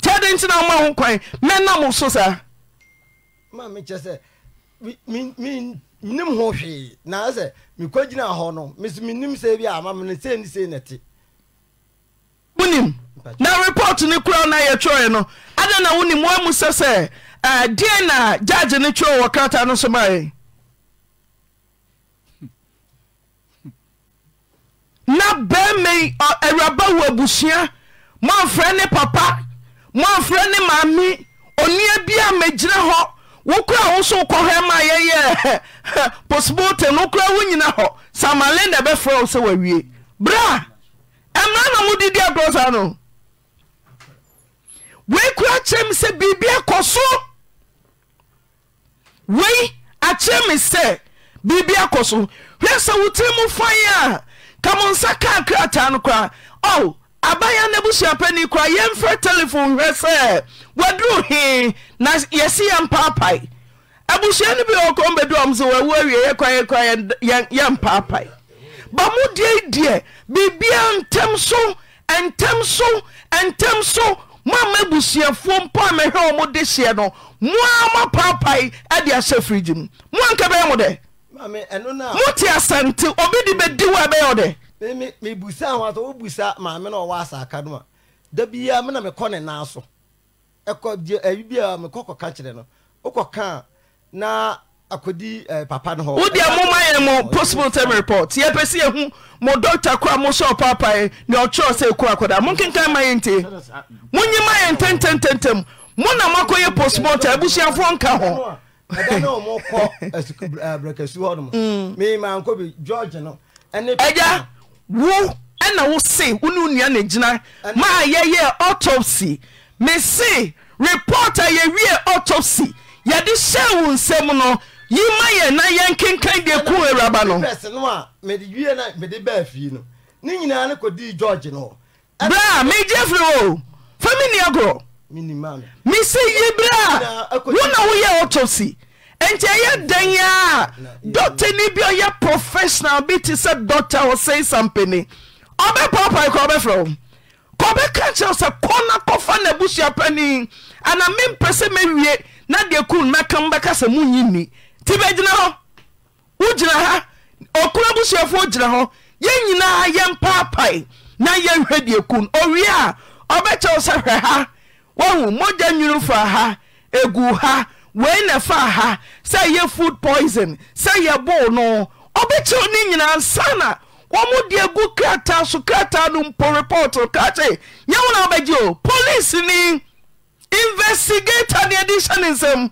kɛdɛ tinamaho kwa mɛna mo sosa mmekyɛ sɛ menmho eensɛ meka gina hno mmens sne na report no na eh, no yɛtwerɛe eh, e no adɛn na wonim woa mu sɛ sɛ na gyagye no twerɛ wɔ krataa no so maɛ na bɛimɛi awuraba wɔ abusua ma ne papa moamfrɛ ne maame onua bi a magyina hɔ wo koraa wo so wokɔ hɔ ma yɛyɛ posboten wo koraa wonyina samalenda bɛfrɛ wo sɛ wawie bera ɛmara na modidi aborɔ wei kora akyerɛme sɛ biribia kɔ so wei akyerɛ me sɛ biribia kɔ so hwɛ sɛ wotire mu fane a kamo nsa ka kra taa no kora abanano busuapani koa yɛmfrɛ telefon hwɛ sɛ wadrɛhe na yɛsiyɛ mpapeb ba modeideɛ biribia ntɛm so ntɛm so ntɛm so mama abusuafoɔ mpo a mɛhwɛ wɔ mo de hyeɛ no moa ma paapae ade ahyɛ firigyi mu moanka bɛyɛ mo dɛ mote asante obi de bɛdi wo a ɛbɛyɛ wo dɛ maame na ɔwɔ asaka no a da biaa mena mekɔ ne naa so ɛkɔ bi a mekɔ kɔka kyerɛ no wokɔka na wodea momaɛn m postmtm report yɛpɛsɛ yhu mo dct koaa mohyɛpapa deɛ yɛ sɛ ɛka mo kekan mɛi moyimayɛ tɛtmmo namoakɔyɛ postmot abusuafo nka eh, eh, hɔya wo ɛna wo se wo ne nua ne gyina ma yɛyɛ autopsy mese repot a yɛwie autopsy yɛde syɛ wo nsɛm no yi ma yɛ na yɛn kenkan deɛ ku awuraba no. pɛsɛ no a mɛde wie na mɛde bɛɛ fie no ne nyinaa ne kɔ di george no. bra mi jẹ firi o fami ni agorɔ. mi ni maa mi. se ye bra wọn na woyɛ autopsy nti ɛyɛ dan yi a dɔkta ni bi ɔyɛ professional bi ti sɛ dɔkta ɔsɛn sampeni. ɔbɛ pɔpɔ ɛkɔ ɔbɛ fɛ o kɔbɛ kankyerɛ sɛ kɔna kɔfa na ebusua panyin ana mi mpɛ mɛ wie na deɛ kun mɛka mbɛka sɛ mu nyi ni. nti bɛgyina hɔ wo gyina ha ɔkora busuafo gyina hɔ yɛ nyinaa yɛmpaapae na yɛhwɛ deɛ ku n owie a ɔbɛkyɛw sɛ hwɛ ha wahu mogya nwunufa ha agu ha wɔi nɛ fa ha sɛ yɛ food poison sɛ yɛ boɔ no ɔbɛkyɛw ne nyinaa nsa na wɔmode gu krataa so krataa no mpo reportn kakye yɛ wono wobɛgye o police ne investigator ne ade hyɛ ne nsɛm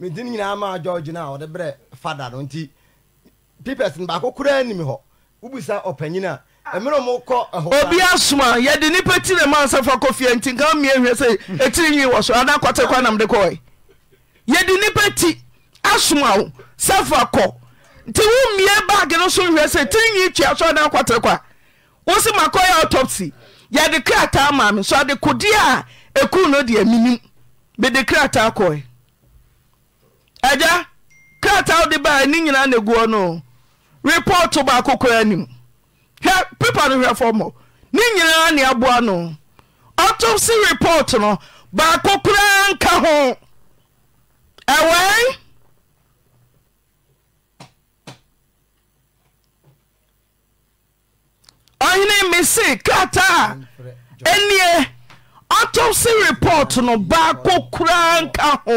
medin nyinaa maa george no a ɔde berɛ fada no nti pepers no baako koraa nim hɔ wobusa ɔpanyin a ɛmerɛ mokɔ obi asoma yɛde nnipa ti ne mansɛfa kɔ fie nti nka mmie hwɛ sɛ ɛtiri nwi wɔ so ana kɔte kɔ anam de kɔe yɛde nnipa ti asoma wo sɛfa kɔ nti wommie baage no so nhwɛ sɛ tiri nwi tua so ana kɔte kɔ a wo se makɔyɛ autopsy yɛde krataa ma me so ade kodeɛ a ɛku no deɛ menim mede krataa kɔe agya krataa wode baa ne nyinaa na guɔ no report baako koraa anim hwɛ pepa no hwɛ fɔmmɔ ne nyinaa ne aboa no no baako nka ho ɔhene krataa ɛnie no baako koraa nka ho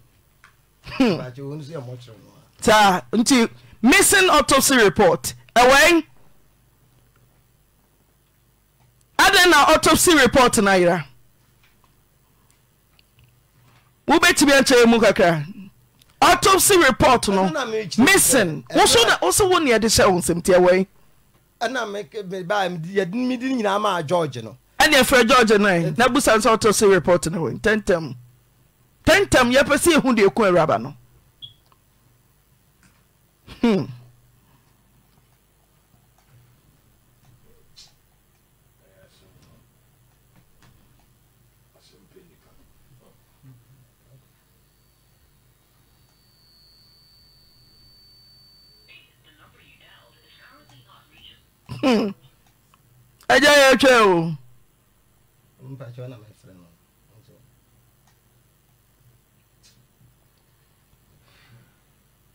Hmm. s nti messon autosy report w adɛn na utosy repot noyera wobɛtibi akyeɛ yɛmu kakra autosy report no mnwo sɛ wo nea de sɛ wosɛ ntiwne frɛ george nonabusa sɛ utosy repot nowtɛmtɛmmu tɛmtɛm yɛpɛ sɛ yɛhu de ɛku awuraba no ɛgya yɛ twɛ o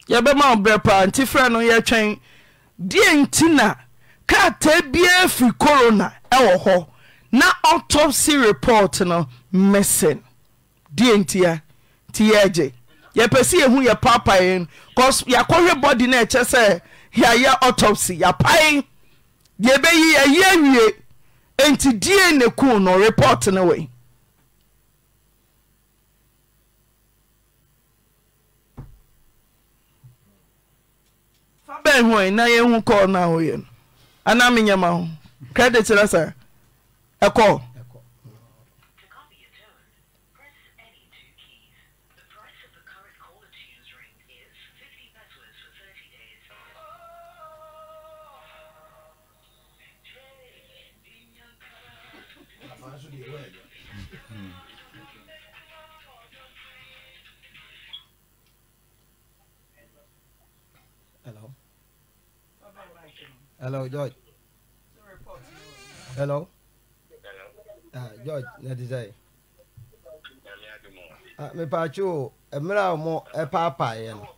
yɛbɛma wobrɛ pa ntifrɛ no yɛtwɛn deɛ nti na kataa biara firi korona wɔ hɔ na autopsy report no mesɛn dea ntia nti yɛ gye yɛpɛ sɛ yɛhu yɛ paapaɛ csyɛakɔhwɛ body no ɛkyɛ sɛ yayɛ autopsy yɛpae yebɛyi yɛyɛ wie nti dia ne kum no report no wi bɛn hɔn na yɛhu kɔɔ no ahoyɛ no anaa menyɛma ho credit tracer sa Hello, George. Hello. Hello. Ah, George, na design. Ah, me pa chu, e mra mo e pa pa ye no.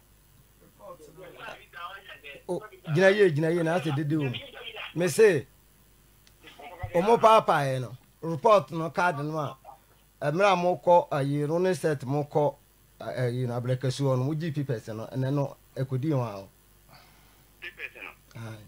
O, gina ye, gina ye na se dede o. Me se o mo pa pa ye no. Report no card no a. E mra mo ko ayi no ne set mo ko ayi na bleke su no mo GP person no, ene no ekodi ho a. GP person no. Ah.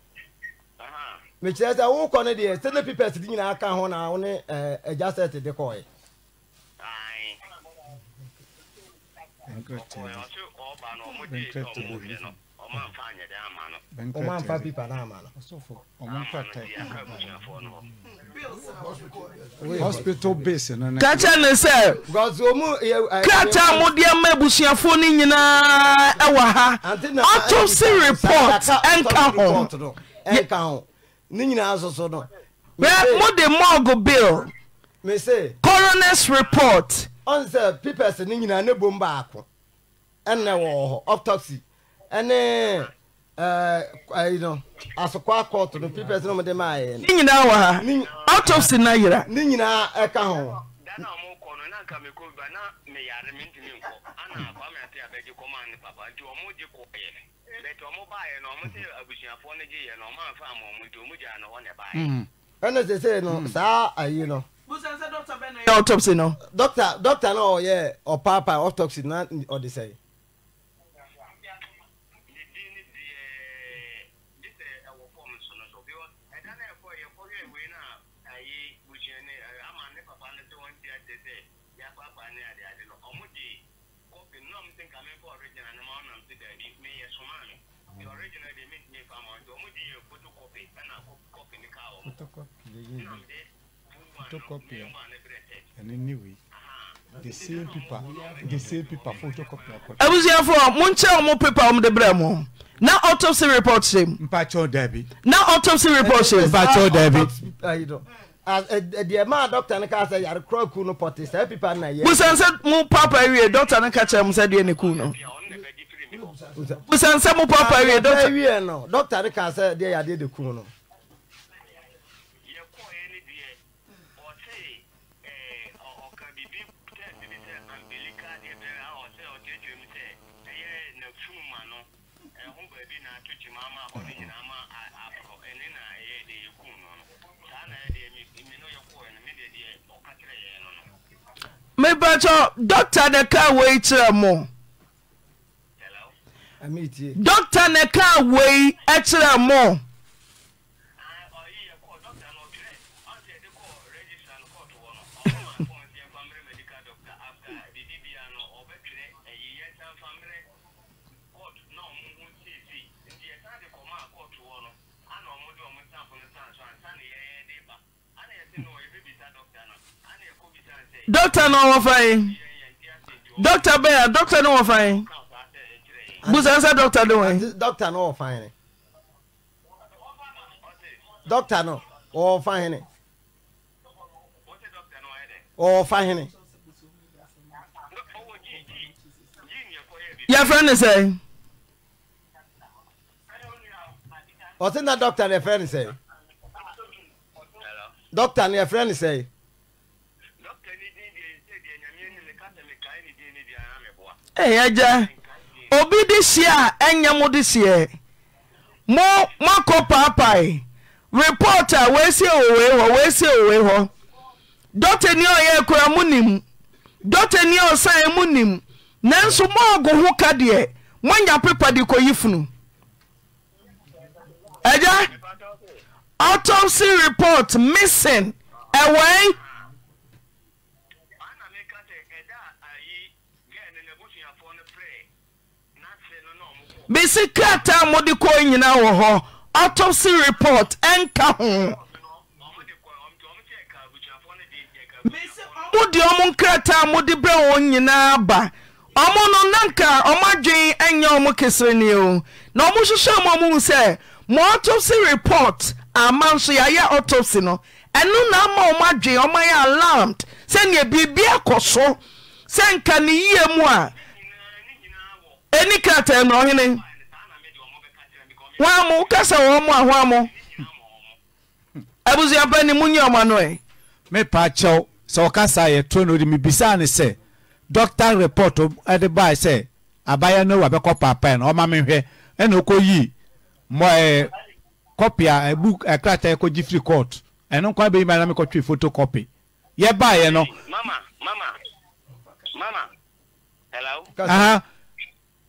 mekyerɛ sɛ wokɔ no deɛ sɛne pipɛs de nyinaa ka ho na wo ne eh, agya sɛt de kɔɛ ɔma mfa pipa no ama noka kyɛ ne sɛ krataa modeɛ ma abusuafoɔ no nyinaa ɛwɔ ha ɔto se report ɛnka ho ɛnka ho ne nyinaa soso no mode morg bill mese coroners report ɔn sɛ pepers ne nyinaa ne bom baako ɛnɛ wɔ hɔ autopsy ɛne ayi no asokɔ akɔɔto no pepers no mode maayɛ no ne nyinaa wɔ ha autopsy na yera ne nyinaa ɛka ho na meyare ana akwa me ate abɛgye kɔmaa ne papa nti ɔmo gye kɔɔyɛ bẹtẹ mm. ọmọ báyẹ náà ọmọ sẹ abusuafọ ní jí yẹ náà ọmọ àfa àmọ ọmọ ìdí ọmọ jà náà wọn nẹ báyẹ. ẹnu sese no mm. saa ayi no. busanse dọkita bẹ́ẹ̀ náà yẹ autopsy no. dọkita náà ọ yẹ ọpaapa autopsy náà ọdisẹ photocopy ɛne ne wei the same paper the same paper photocopy akɔ. abusuafoɔ mo nkyɛn mo paper ɔmo de brɛ mo autopsy report se mu. mpatsɔ dabi. autopsy report se mu. mpatsɔ dabi. deɛ maa dɔkta ne kaa sɛ yare korɔ ku no pɔte saa pipa na yɛ. busan sɛ mu papa wie dɔkta ne ka kyerɛ mu sɛ deɛ ne ku no. E, said, sɛ mu e papa wie dɔkta. dɔkta ne kaa sɛ deɛ yadeɛ de ku no. mepɛt dkka kerɛmdɔkta neka wei kyerɛ mɔ dɔkta no ɔwɔ fan dɔkta bɛyɛ a dɔkta no wɔ fan busa nsa dɔkta no wɔn. dɔkta no wɔ fan ne dɔkta no ɔwɔ fan ne ɔwɔ fan ne. yɛfrɛ ne sɛ. ɔsi na dɔkta no yɛfrɛ ne sɛ. dɔkta no yɛfrɛ ne sɛ. agya eh, obi de a ɛnyɛ mo de hyeɛ mo moakɔ paapae report a woasie owei hɔ woasie owei hɔ dɔtani ɔyɛ kora mo nim dɔtani ɔsae mo nim nanso moago ho ka deɛ moanya pepa de kɔyi funu agya autopsy report ɛwɔi bɛsi krataa mode kɔɔ nyinaa wɔ hɔ autopsy report ɛnka ho mode ɔmo nkrataa mode berɛ wɔn nyinaa ba ɔmo no nanka ɔmo adwen ɛnyɛ ɔmo kesere ne o na ɔmo hyehyɛ mu ɔmo sɛ ma autopsy report ama nso yɛayɛ autopsy no ɛno na ama ɔmo adwen ɔmo ayɛ alarmed sɛnea biribi akɔ so sɛ nka ne yie mu a ɛni krataa mmerɛ eh, ɔhene wɔn mo kasa wɔn mo ahoa mo abusuapa ni mu nyɛ ɔmo ano ɛ. mepa akyɛw sɛ ɔkasa yɛ to no de mibisa ne sɛ doctor report ɛde baa sɛ abaya no wabɛkɔ paapaa oh, eh, eh, no ɔma me hwɛ ɛna ɔkɔ yi mɔ ɛɛ kɔpi a ɛbu ɛkrataa ɛkɔ gyi firi court ɛno nkwa bɛyi ma ɛna mi kɔ twi photocopy yɛ baa yɛ no. mama mama mama hello. Uh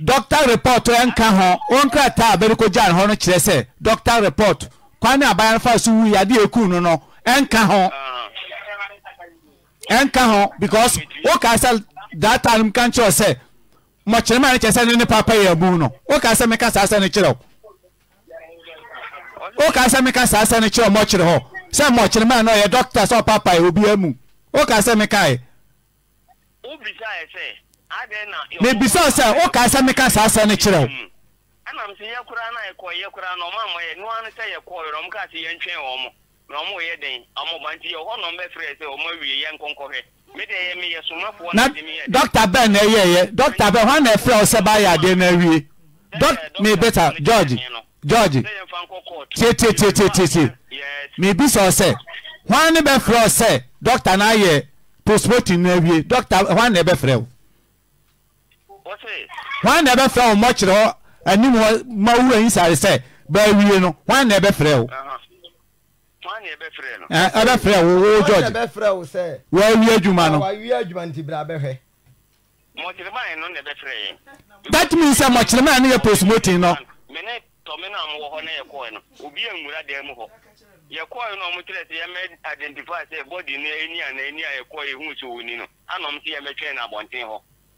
doctar repot ɛnka ho ɔkra ta beekɔ gyanhɔo kyerɛ sɛ docta repot koane abaanfa sou yadeku o n ɛa ka woasɛ atakaeɛsɛ kermaɛ papaɛɛ ɛaɛpaɛa mebisa sɛ wokaa sɛ meka saa sɛ no kyerɛ wo hmm. ɛna m sɛ yɛ koraa na yɛkɔ yɛ koraa na ɔma ma yɛ noa no sɛ yɛkɔɔ yɛrɛ ɔm kaa sɛ yɛntwɛn wɔ mo na ɔmo yɛ den ɔmo ba nti ɔhɔ na ɔmbɛfrɛ sɛ ɔmo awie yɛ nkɔnkɔhwɛ mede ɛyɛ meyɛ somafoɔ na dɔkta bɛn na ɛyɛɛyɛ dɔkta bɛn hɔ na ɛfrɛ wo sɛ baayɛ adeɛ no awie dɔk mebisa george george tietietitietieti mebisa sɛ hwan ne bɛfrɛ wo sɛ dɔkta no ayɛ postmortem no awie dɔkta hwan na ɛbɛfrɛ wo hwan na ɛbɛfrɛ wo mmɔkyerɛ hɔ anim hɔ ma wura yi sare sɛ baawie no hwan na ɛbɛfrɛ wo ɛbɛfrɛ wo wo george waawie adwuma no that means sɛ mmɔkyerɛma a ne yɛ postmoting no tɔmi naa mo wɔ hɔ na yɛ kɔɛ no obi enwura dan mu hɔ yɛ kɔɛ no ɔmo kyerɛ sɛ yɛmɛ identify sɛ bɔdi ne eni a na eni a yɛ kɔɛ ehu so wɔ ni no ana ɔmo sɛ yɛmɛ twɛn na abɔnten hɔ.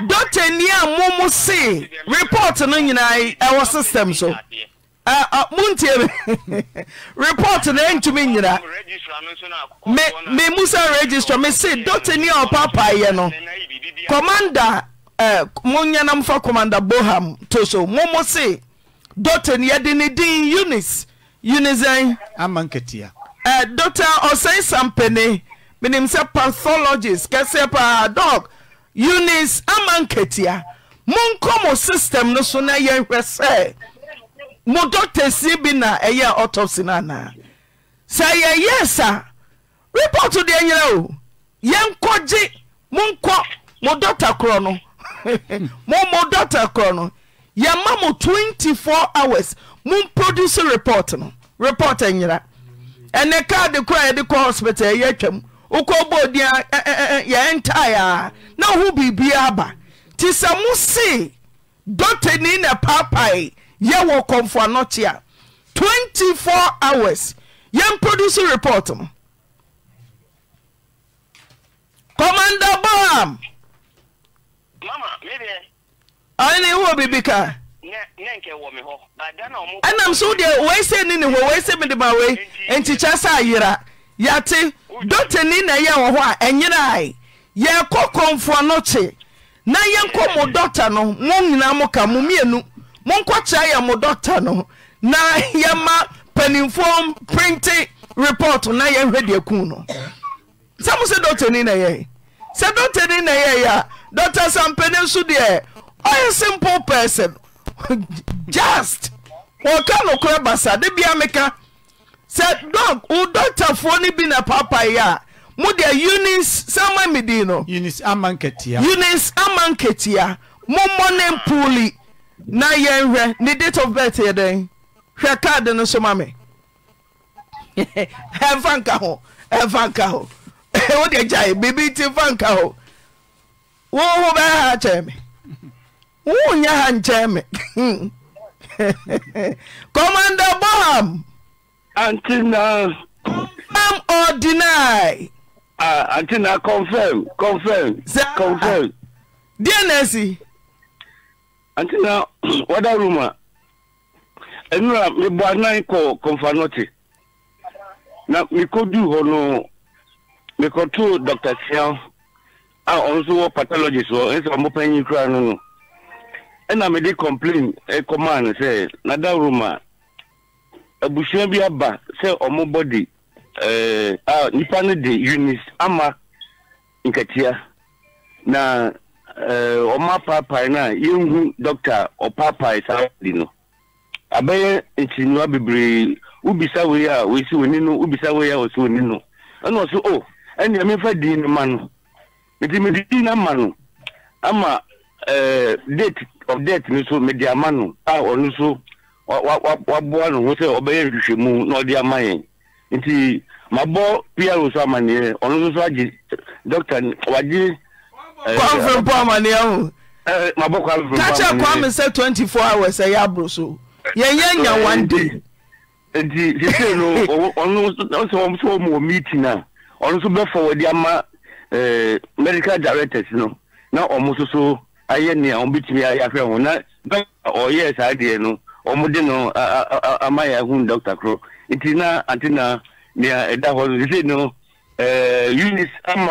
doteni a momu se report no nyina ɛwɔ system somnt report na antumi nyina me mu sa registra mese dotani a ɔpapaa ɛ no commanda moyɛnamfa commanda boham toso mom se dtaniɛde ne din units nisn dt ɔsɛn sanpɛne menim sɛ pathologist kɛsɛ paad unis amankatia monkɔ mo system no so na yɛnhwɛ sɛ mo dɔtasee bi na ɛyɛ ɔtosi no anaa sɛ yɛyɛɛ sa repot deɛ nyina o yɛnkɔgye monkɔ mo dɔta korɔ no mo dɔta korɔ no yɛma mo 24 ours moproduse report no repɔrt nnyera ɛnɛ kaa de koraa yɛde kɔ hospital ɛyɛ twam wokɔ bɔ odin yɛn ntaeɛ na ho biribi aba nti sɛ mo se dɔtani na paapae yɛwɔ kɔmfoanɔkye a 24 hours yɛn produce report no commander bam ɔne wowɔ biribi ka ɛnam so wodeɛ wei sɛ ni ne hɔ wei sɛ mede ma wei enti kyɛ sɛ ayera yɛate dotani na ɛyɛ a wɔ hɔ a ɛnyene yɛ kɔ kɔnfoɔ no kye na yɛnkɔ mo dɔkta no mo nyinaa mo ka mommeanu mo nkɔ kyerɛ yɛ mo dɔkta no na yɛma panimfɔm printe report na yɛhwɛ deku no sɛmo sɛ dtaninayɛ sɛ dotani na ɛyɛɛ a dɔ sampɛne so deɛ ɔyɛ sple person just ɔka nokorɛ basa de bia meka n wodctafoɔ no bi na pawpai a mode unis sama medii nons amankatia mommɔnepoli na yɛnhwɛ neditf betɛdɛn hwɛ kadeno soma mnkhhoabibitfankah oho bɛɛkyɛm oonyɛ ha nkyɛm cmmanda boham Until now, Confirm or deny? Ah, uh, auntie na confirm, confirm, Sir, ah, confirm. Dear Nancy. Auntie na wada rumor. Enura mi bọ anan kọ Kọnfanọti. Na mi kọ du hɔ no mi kọ to Dr. Sian a ɔn so wɔ pathologist wɔ ɛsɛ ɔmo panyin kura no no. Ɛna mi de complain ɛkɔmaa e no sɛ na da rumor. ebusua bi aba sɛ ɔmo bɔdi ɛɛ eh, a nipa no di unis ama nkatia na ɛɛ eh, ɔmo apaapae na yɛnhu dɔkta ɔpaapae saa di no abɛyɛ nkyinua bebree ubisa wei a wosi woni no ubisa wei a wosi woni no ɛna ɔso o oh, ɛnna mefa di no ma no nti mede di no ama no ama ɛɛ eh, date of death no so mede ama no a ɔno so. waboa ne ho sɛ ɔbɛyɛ nhwehwɛmu na ɔde ama yɛn nti mabɔ pro so amanneɛ ɔno nso so agye dɔkta wagye eh, kwamfe mpo amanneɛ ho eh, mabɔ kwamfe ka kyerɛ kwame sɛ 24 hours ɛyɛ aboro so yɛnyɛ eh, nya one day nti sesei no ɔno sɛ ɔm sɛ ɔmu wɔ meeting a ɔno nso bɛfa wɔde ama medical directors no na ɔmo nso so ayɛ nea ɔmbɛtumi ayɛ ahwɛ ho na bɛ ɔyɛɛ saa deɛ no wɔmode no ama yɛ ahu dɔkta koro nti na ante na nea ɛda hɔ no sesei no unis ama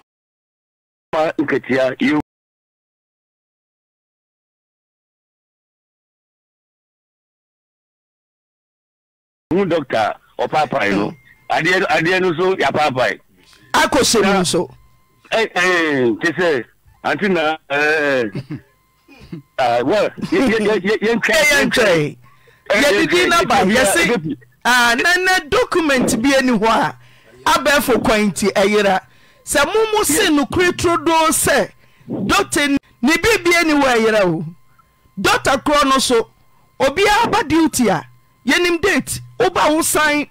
nkatia yɛ hu dɔkta ɔpaapae no adeɛ adeɛ no nso yɛapaapae akɔhyɛ mu nso te sɛ ante na yɛntwɛn yɛntwɛn yɛde naba yɛse nɛnɛ ah, document bi ani hɔ a abɛɛfo kwan nti ɛyera sɛ momo se nokore trodoo sɛ dɔkta ne biribia ni wɔ ɛyera o dɔkta korɔ no so obiara ba duty a yɛnim date woba wo san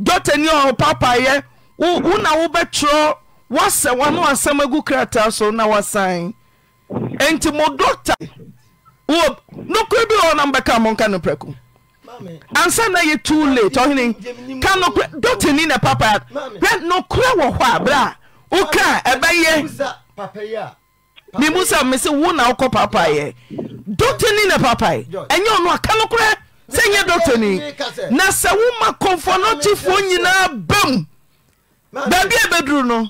dɔkta ni ɔhɔ papaayɛ wo na wobɛtwerɛ wasɛ wano asɛm agu krataa so na wasan enti mo dɔkta nokore bi wɔ na mbɛka monka no prɛko ansa na yɛ too late ɔhene ka nokora dotini na papa hwɛ nokora wɔ hɔ a berɛ a woka ɛbɛyɛ mimu sa me se wo na wokɔ papaeɛ dotini na papae ɛnyɛ ɔno a ka nokora sɛ nyɛ dotini na sɛ woma kɔmfɔ no kyifoɔ nyinaa bam baabi a bɛduru no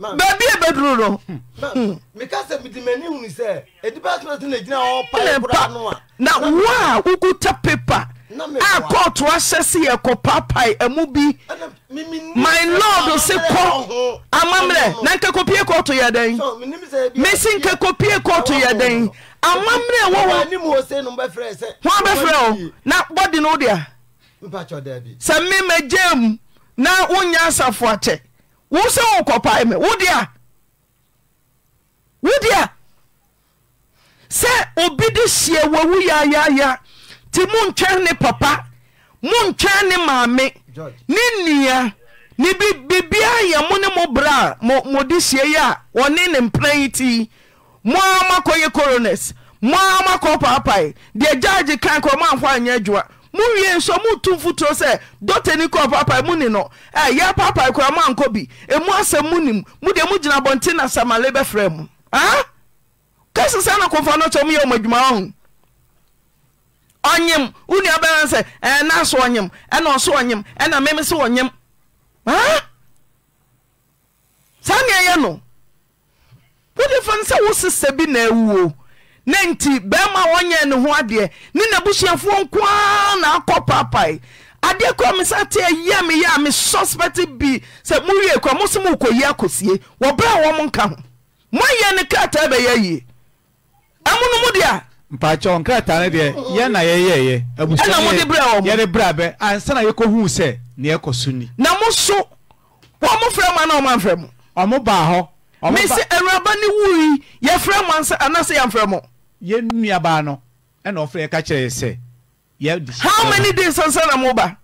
baabi a bɛduru no. mika hmm. sɛ midi mɛ ni hun sɛ ediba sɛ ɔtí na gyina ɔɔ pa ɛkura nua. na wo a wokuta pepa a kóòtù ahyɛ sɛ yɛ kɔ paapae e bi my lord sɛ kɔ amammerɛ na nkakopie kóòtù yɛ dɛn mesi nkakopie kóòtù yɛ dɛn amammerɛ wɔwɔ wɔn abɛfrɛ o na bɔdi no deɛ sɛ mi ma gye mu na wonya asafo akyɛ wosɛ wokɔ paae me wodeɛ wodeɛ sɛ obi de hyia wawu yaayaaya ti mo ntwɛn ne papa mo ntwɛn ne maame ne nua ebirbiaa yɛ mo ne mo braa desiei moamakɔ yɛ ones moamakɔ paapɛaemofo ɔnyem wo nuabɛna sɛ eh, na so ɔnyem ɛna eh, ɔso ɔnyem ɛna eh, meme sɛ ɔnyem saa nneɛ yɛ no wode fa no sɛ bi na awuo na nti bɛrima a wɔnyɛ ne ho adeɛ ne n'abusuafoɔ nko ara na akɔ paapae adeɛ koa me sa te ɛyɛ meyɛ a me suspect bi sɛ mowie koa mo so mokɔyi akɔsie wɔberɛ a wɔ mo nka ho ne krataa yie mu deɛ mpakyɛ nkrataa no deɛ oh, oh, oh. yɛn na yɛyɛyɛ abusuayɛde brɛ bɛ ansa na yɛkɔhuu sɛ na yɛkɔ so ni na mo so wɔn mo frɛ mu ana ɔmo amfrɛ mu ɔmo baa hɔ me sɛ awuraba ne wui yɛfrɛ mu ansa anaasɛ yɛamfrɛ mu yɛn nuabaa no ɛna ɔfrɛ yɛka kyerɛ yɛ sɛ how many days ansa na mo ba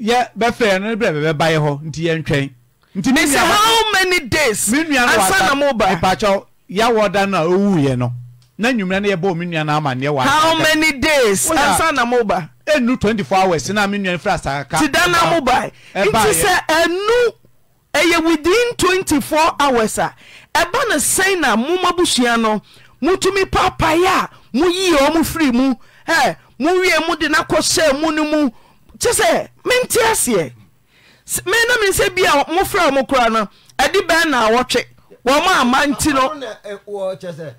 yɛ bɛfrɛ no brɛ bɛ bɛba yɛ hɔ nti yɛntwɛn nti me sɛ how many days ansa na mo ba mpakyɛ yɛawɔ da no a ɔwuiɛ no na nwumire no yɛbɔ omi nua no amanneɛ wɔ how many days ansa na mo ba ɛnu 24 hours na mi nua fira asaka ti da na mo ba nti sɛ ɛnu ɛyɛ within 24 hours a ɛba no sɛn na mo ma busua no mutumi papaye a mo yi ɔmo firi mu ɛ mo wie mo de na kɔ mu no mu kyɛ sɛ mente aseɛ mena me sɛ bi a mofrɛ mo kora no ɛde bɛn na awɔtwe wɔn a ama nti no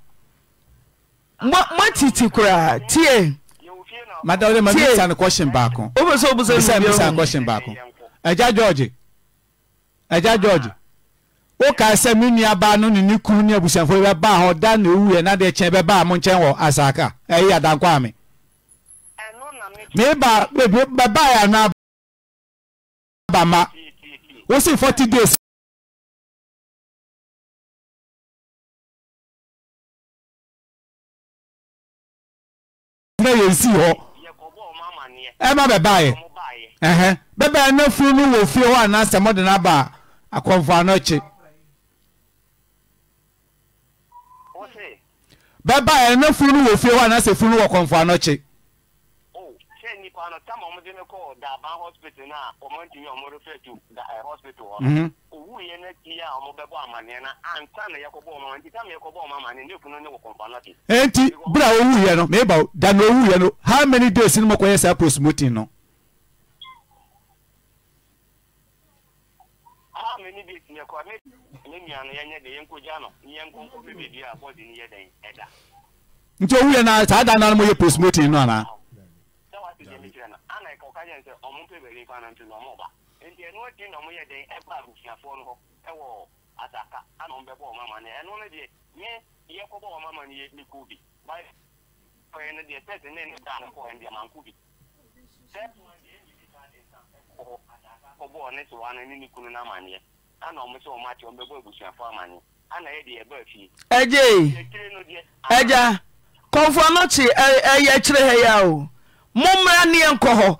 mo titi koraa tie. madam de ma bi sa ni question baako. o bɛ se o busa ni bi o. bisa bisa question baako. ɛja george ɛja george o ka sɛ mi nua baa no ni ni ni abusuafo bɛ baa hɔ da na ewu yɛ na de kyɛn bɛ baa mo nkyɛn wɔ asaka ɛyi adanko ami. mi ba bɛ baa yɛ anu abama o si forty days. na yɛn si hɔ ɛma bɛbaeɛ ɛhɛ bɛbaeɛ na funu no wɔ fie hɔ anaasɛ mɔde no aba akɔmfo ano akyi bɛbaeɛ na funu no wɔ fie hɔ anaasɛ funu wɔ kɔmfo ano akyi paa tam ɔmo de ne kɔɔ daban hospital no a ɔmo ntumi ɔmo refer to da eh, hospital hɔ owu yɛ ne ti a ɔmo bɛbɔ amaneɛ na ansa na yɛkɔbɔ ɔmo amaneɛ tam yɛkɔbɔ ɔmo amaneɛ ne kunu ne wɔ kɔnfana ti. eti bra owu yɛ no meba da na owu yɛ no how many days ni mo kɔ yɛ saa postmortem no. how many days ni ɛkɔ ne nua no yɛnyɛ de yɛn ko gya no yɛn ko nkɔ bebe bi a bɔdi ni yɛ dɛ ɛda. nti owu yɛ na saa da na mo yɛ postmortem no ana ayɛ sɛ ɔmo mpɛ baabi kwan no nti na ɔmo ba nti ɛno akyi na ɔmo yɛ den ɛba abusuafoɔ no hɔ ɛwɔ asaka ana ɔmo bɛbɔ ɔmo ama no ɛno no deɛ nye yɛkɔbɔ ɔmo ama no yɛ ne kuu bi bae kɔɛ no deɛ sɛsɛ ne ne daa no kɔɛ deɛ manko bi sɛ kɔbɔɔ ne sewa no ne ne kunu no amanneɛ ana ɔmo sɛ ɔmo akyi ɔmo bɛbɔ abusuafoɔ amanneɛ ana yɛ deɛ ɛbaa fie ɛgye ɛgya ɛyɛ akyire ha yi o mommra ne yɛnkɔ hɔ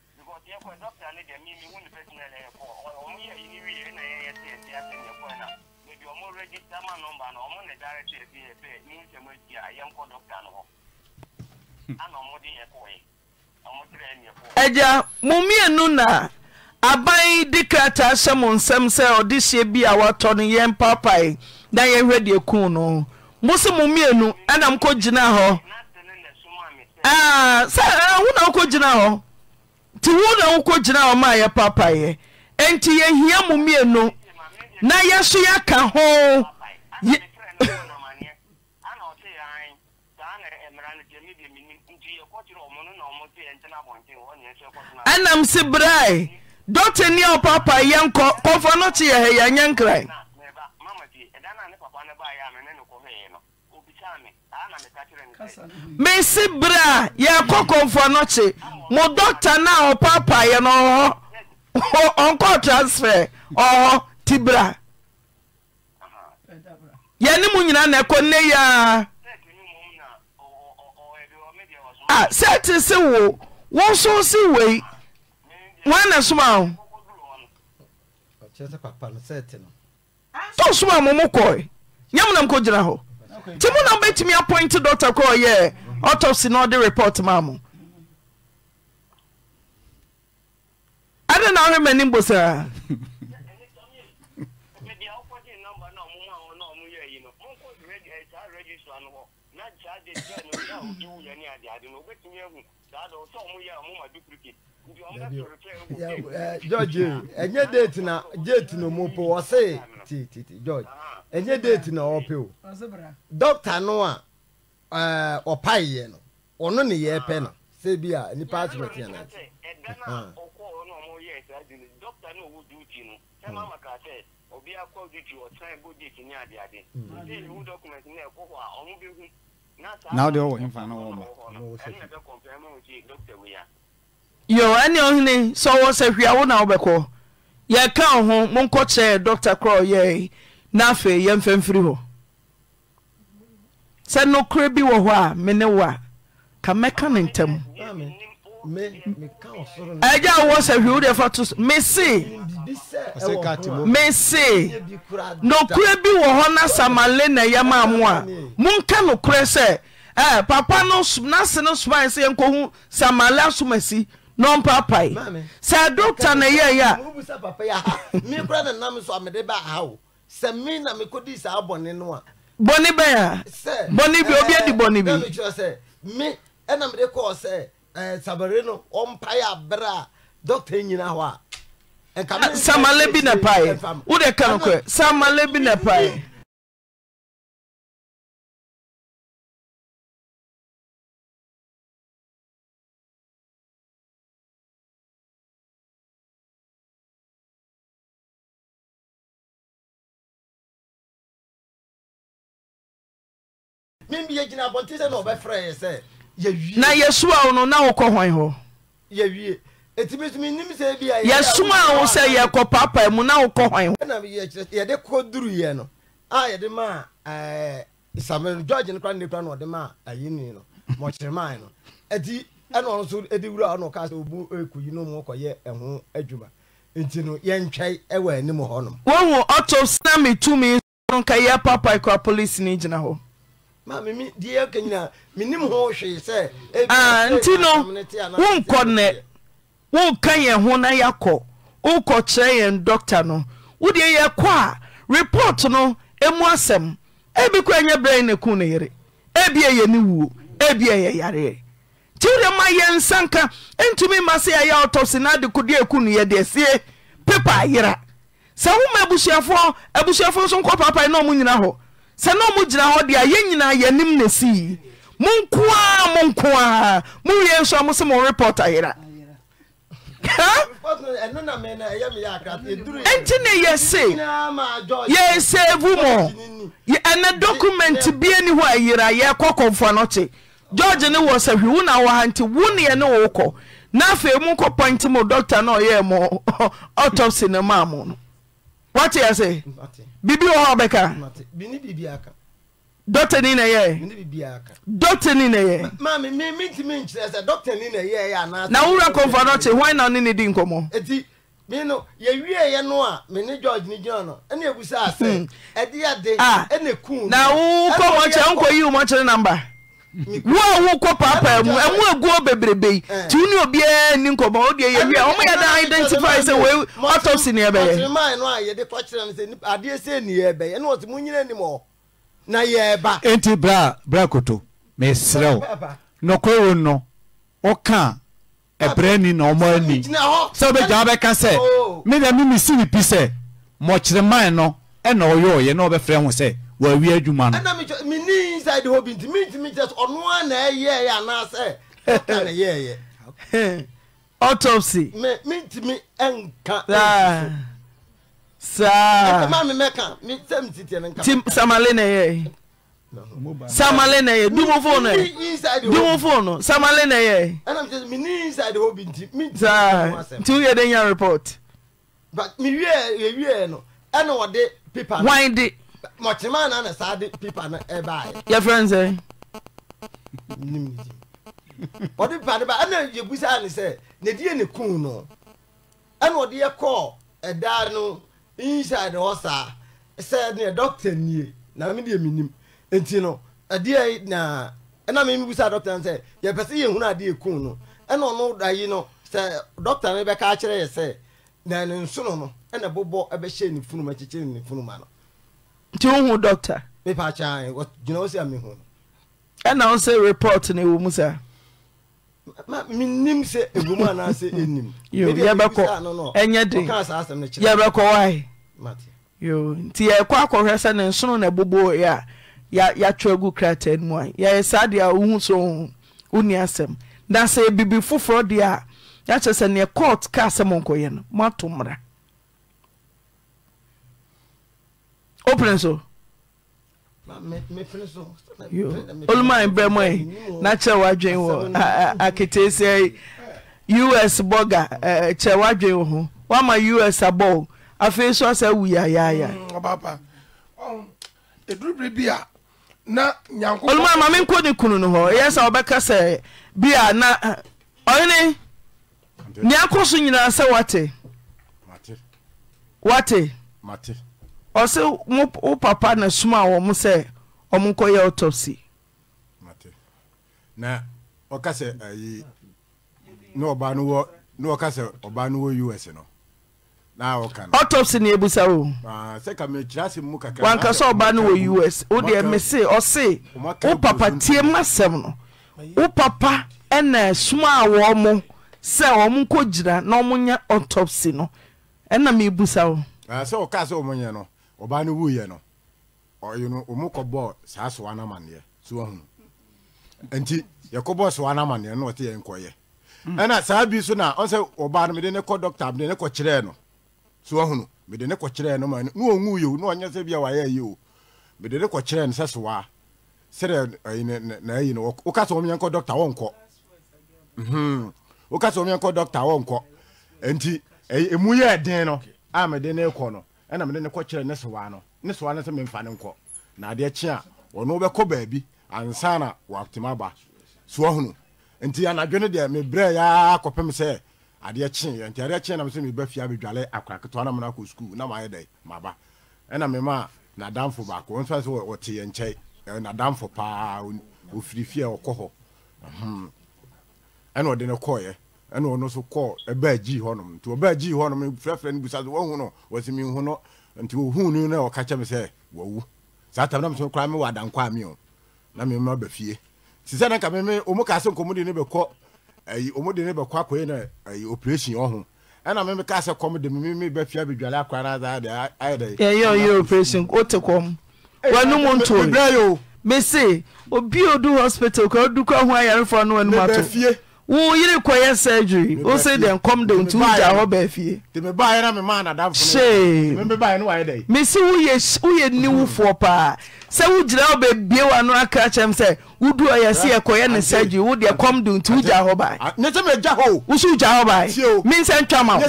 because yɛ kɔ dɔkta ne deɛ mimi hu ne personal yɛ kɔ ɔmo yɛ na yɛ yɛ tiɛ tiɛ na na mo mmienu na aban de krataa hyɛ mo nsɛm sɛ ɔde hyɛ bi a watɔ no yɛn na yɛhwɛ deɛ kun no mo se mo mmienu ɛna kɔ gyina hɔ sɛ na wokɔ gyina hɔ. ti wo na wo kɔgyinaa ɔmaa yɛ papaeɛ enti yɛhia momienu na yɛ so yɛka hoanam si berɛe dɔte nnia ɔpapae yɛnkɔ kɔfoa no te yɛha yɛ anyɛ nkran mese bera a yɛ akɔkɔmfoa no kye mo dɔkta na ɔpawpae yɛ no ɔ hɔ ɔnkɔɔ transfer ɔ hɔ ti bra yɛne mu nyina na ɛkɔ nnɛ yia sɛte ah, se wo wo so se wei ho ane soma hogh nti mo na mobɛtumi appoint dɔcta kɔ ɔyɛ autopsy na ɔde report maa na wohwɛ m'anim bo saa george na enye date na ọpị o dọkịta oh, nọ a ọpaghịyị eh, no ya epe ne yo ɛne ɔhene sɛ ɔwɔ sɛ hwia wo na wobɛkɔ yɛka wo ho monkɔ kyerɛ yɛi na afei yɛmfa mfiri hɔ sɛ nokorɛ bi wɔ hɔ a me ne wo a ka mɛka ne ntam agya wowɔ sɛ hwɛ wodeɛ fa to mese mese nokorɛ bi wɔ hɔ na samale na ɛyɛma mo a monka nokorɛ sɛ eh, papa no nase no somae sɛ yɛnkɔhu samale asomasi na ɔmpa pae sɛ dɔkta na ɛyɛyɛ a sɛ mi na mi ko di saa bɔnni no a. bɔnni bɛ ya bɔnni bi obi edi bɔnni bi. ɛɛ sɛ mi ɛna mi de kɔɔ sɛ ɛɛ sabere no ɔmpa yɛ abere a dɔkita nyina hɔ a. Ah, samale bi na pa ye o de kan kɔ bi na pa ye. membi yɛgyina abɔnten sɛ na ɔbɛfrɛ yɛ sɛ yɛwie na yɛsua wo no na wokɔ hwan hɔ yɛwie ɛtumi tumi nim sɛ bi a yɛsoma wo sɛ yɛkɔ papa mu na wokɔ hwan hɔ na yɛkyerɛ yɛde kɔ duruyɛ no a yɛde ma ɛɛ eh, samuel george no kora na ɔde ma ayi ni no mɔkyerɛmaa no ɛti ɛna ɔno nso ɛde wura ɔno ɔka sɛ obu ekuyi no mu kɔyɛ ɛho adwuma nti no yɛntwɛn ɛwɔ anim hɔ wɔn wɔ ɔtɔ sinami tumi nka yɛ papa kora polisi ni gyina hɔ. Ah, nti no wonkɔ nnɛ wonka yɛn ho na yɛakɔ wonkɔ kyerɛ yɛn dɔkta no wodeɛ yɛkɔ a report no mu asɛm ebi kora nyɛ berɛ ne ku no yere ebia yɛ ne wuo ebi yɛ yareɛ nti wodeɛ ma yɛ nsa nka ntumi ma sɛ yɛayɛ ɔtɔse na ade kodeɛ ku no yɛde asie pepa ayera sɛ woma ebusuafo ebusuafo nso nkɔ papae na ɔmo nyina hɔ sɛne mo gyira hɔ de a yɛn nyinaa yɛnem na si mo nkoaa monkoaa mowiɛ sua m s morepot ayera nti ne yɛ se yɛsɛvu m ɛna document biani hɔ ayera yɛkɔ kɔmfano ye george ne wɔ sahwe wo nawɔ ha nti wo nene wokɔ na afei monkɔpɔntm dɔkta na ɔyɛ mɔ ɔtos no maam no wotease bibi wɔ hɔ bɛka dɔtani nayɛ ya nayɛ na wowura kɔmfa no kye hwan na ne ne di nkɔmmɔ mino y'ewie no a mene george ne gyina no ɛne ɛbusaa sɛ ɛde hmm. ade ɛne ah. ku na wo kɔmmɔkyerɛ wonkɔyi wo mmɔkyere namba wo a wokɔ paapaa mu ɛmo aguo bebrebei eh. nti wo ne obiara ni nkɔmmɔ wo deɛ yɛwie a ɔmo yɛda identify sɛ wei autopsy ne ɛbɛyɛ enti bra bra koto mesrɛ wo nɔkɔe wo no woka ɛbrɛ ni na ɔmɔ ani sɛ wobɛgya wobɛka sɛ oh. medeɛ memesi ne pi sɛ mɔkyeremae no ɛna ɔyɛ ɔyɛ na wɔbɛfrɛ ho sɛ wɔawie adwuma no ɛna menni inside the hɔ bi nti mentimi kyɛ sɛ ɔno a na ɛyɛɛ anaasɛ ɛka ne yɛɛyɛ autopsy mentimi ɛnka saama me mɛka sɛm titiɛ no nti samale na ɛyɛ samale na ɛyɛ dumofo no dumofo no samale na ɛyɛ nti woyɛ de nya report but mewie yɛwie no ɛna wɔde paper wine de mɔkyema na na saa de pepa no ɛbaayɛ yɛfrɛ n sɛ nim ne din ɔde pepa no ba ɛna yɛbusaa ne sɛ ne deɛ ne kum no ɛna ɔde yɛkɔɔ ɛdaa no inside hɔ saa sɛ ne dɔkta nie na me deɛ menim nti no ɛdeɛ na ɛna me mebusaa dɔkta no sɛ yɛpɛ sɛ yɛhunu adeɛ kum no ɛna ɔno dayi no sɛ dɔkta no bɛka akyerɛ yɛ sɛ na ne nsono no ɛna bobɔ ɛbɛhyɛ ne funuma kyekyere ne funuma no ntwohu dɛna wo sɛ report no ɛwɔ m sɛɛ dybɛkɔ wnti yɛkɔ akɔhwɛ sɛne nsono no bobɔeɛ a yɛtwerɛ gu krataa n mu a yɛɛ saa deɛ a wohu sɛ ho woni asɛm na sɛ birbi foforɔ deɛ a yɛakyɛ sɛneɛ cɔt ka asɛmɔnkɔyɛ no mato mmra o pere so. olùmọ̀ àìbẹ̀ mọ́ ẹ̀ náà kyẹ̀ wá dwen wọ aketeesia us bọ́gà kyẹ̀ wá dwen wọ ho wọ́n ama us abọ́ o afei so asẹ́ wù yáyáyá. ọbaapa edurubiri bi a mm, um, e na nyanko. olùmọ̀ àmàmí nkó ni kunu e ni hɔ eyẹ sá ọbẹ̀ kẹsẹ̀ bi na ọ̀yẹ́ni ní akóso nyinaa sẹ́ wate wate. ɔse wo papa na suma a wɔ mo sɛ ɔmo nkɔ yɛ autopsy na ɔka sɛ ayi na ɔbaa no wɔ na ɔka sɛ ɔbaa no wɔ us no na ɔka no autopsy na ebusa o sɛ ka mekyerɛ asɛm mu kakra wanka sɛ ɔbaa no wɔ us wo deɛ mese ɔse wo papa tie mu asɛm no wo papa ɛna suma a wɔ mo sɛ ɔmo nkɔ gyina na ɔmo nya autopsy no ɛna mebusa o ah, sɛ ɔka sɛ ɔmo nyɛ no ɔbaa no wuyɛ no ɔyɛ no ɔmo kɔ bɔɔ saa soa no amaneɛ so wahunu nti yɛkɔ bɔɔ soa no amaneɛ na ɔte yɛn kɔyɛ ɛna saa bi so na ɔsɛ ɔbaa no mede ne kɔ dɔkta mede ne kɔ kyerɛɛ no so wahunu mede ne kɔ kyerɛɛ no ma no na ɔnwu yɛ o na ɔnyɛ sɛ bi a wayɛ yi o mede ne kɔ kyerɛɛ no sɛ soa sɛdeɛ ɛyi na ɛyi no woka sɛ ɔmo yɛn kɔ dɔkta wɔnkɔ mm-hmm. woka sɛ ɔmo yɛn kɔ dɔkta wɔnkɔ nti ɛmu yɛ den no a mede ne kɔ no ɛna mede ne kɔkyerɛ ne sewa no ne sewa no sɛ memfa ne nkɔ na adeɛ kye a ɔno wobɛkɔ baabi ansa na wɔatema aba so ɔhunu nti anadwo no deɛ mebrɛ yaa kɔpem sɛ adeɛ kye nti adeɛ kye nam sɛ meba fie abɛdwale akora ketewa na mena akɔ sukuu na mayɛ dɛ maba ɛna mema nadamfo baako ɔno sɛ ɔte yɛ nkyɛe nadamfo paa ɔfiri fie a ɔkɔ hɔ ɛna ɔde ne kɔɔyɛ ɛna ɔno nso kɔ ɛbaa gyi hɔnom nti ɔbaa gyi hɔnom frɛfrɛ no bisa so wɔhu no wɔsi mi hu no nti wɔhu no na ɔka kyɛ sɛ wɔwu saa tam na me so koraa me wɔ adankɔ a me o na me ma ba fie ti sɛ na nka me ɔmo kaa sɛ nkɔmɔ de ne bɛkɔ ɛyi ɔmo de ne bɛkɔ akɔyɛ na ɛyi operation ɔho ɛna me me kaa sɛ kɔm de me me bɛ fia bedwale akora na adaa de ayɛ dɛ. yɛyɛ ɔyɛ operation o te kɔm wɔnum ntoo mese obi odu hospital kɔ odu kɔ ho ayarefo anu wɔnum ato. ne bɛ wo yere kɔyɛ surgery wo se deɛ nkɔm de nti wogya hɔ baa fie hyee mesi woyɛ woyɛ ni wofoɔ paa sɛ wogyina hɔ baabie wa no aka kyɛm sɛ wodu ɔyɛ se ah, yɛkɔyɛ ne surgery wo deɛ kɔm de nti wogya ah, hɔ baa wo so wogya hɔ baa mensɛ ntwa ma wo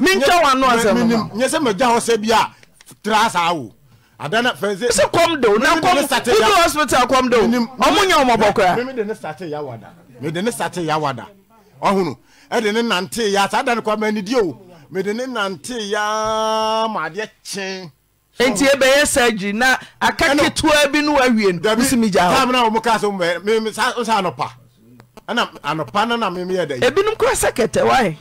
mentwa wa no asɛm no adana fɛnse. sɛ kɔm de o na kɔm wodu hospital kɔm de o ɔmo ne ɔmɔ ya kora mede ne sate yɛ awada ɔhono ɛde ne nante yɛ saa da no kɔ ma anidi o mede ne nante yɛ ma adeɛ kyee nti ebɛyɛ surgery na aka ketewa bi no awie no dabi simi gya hɔ na wɔn kaa so mɛ mɛ mɛ sa anɔpa ɛna anɔpa na na mɛ mɛ yɛ dɛ. ebinom kɔ sɛ kɛtɛ wae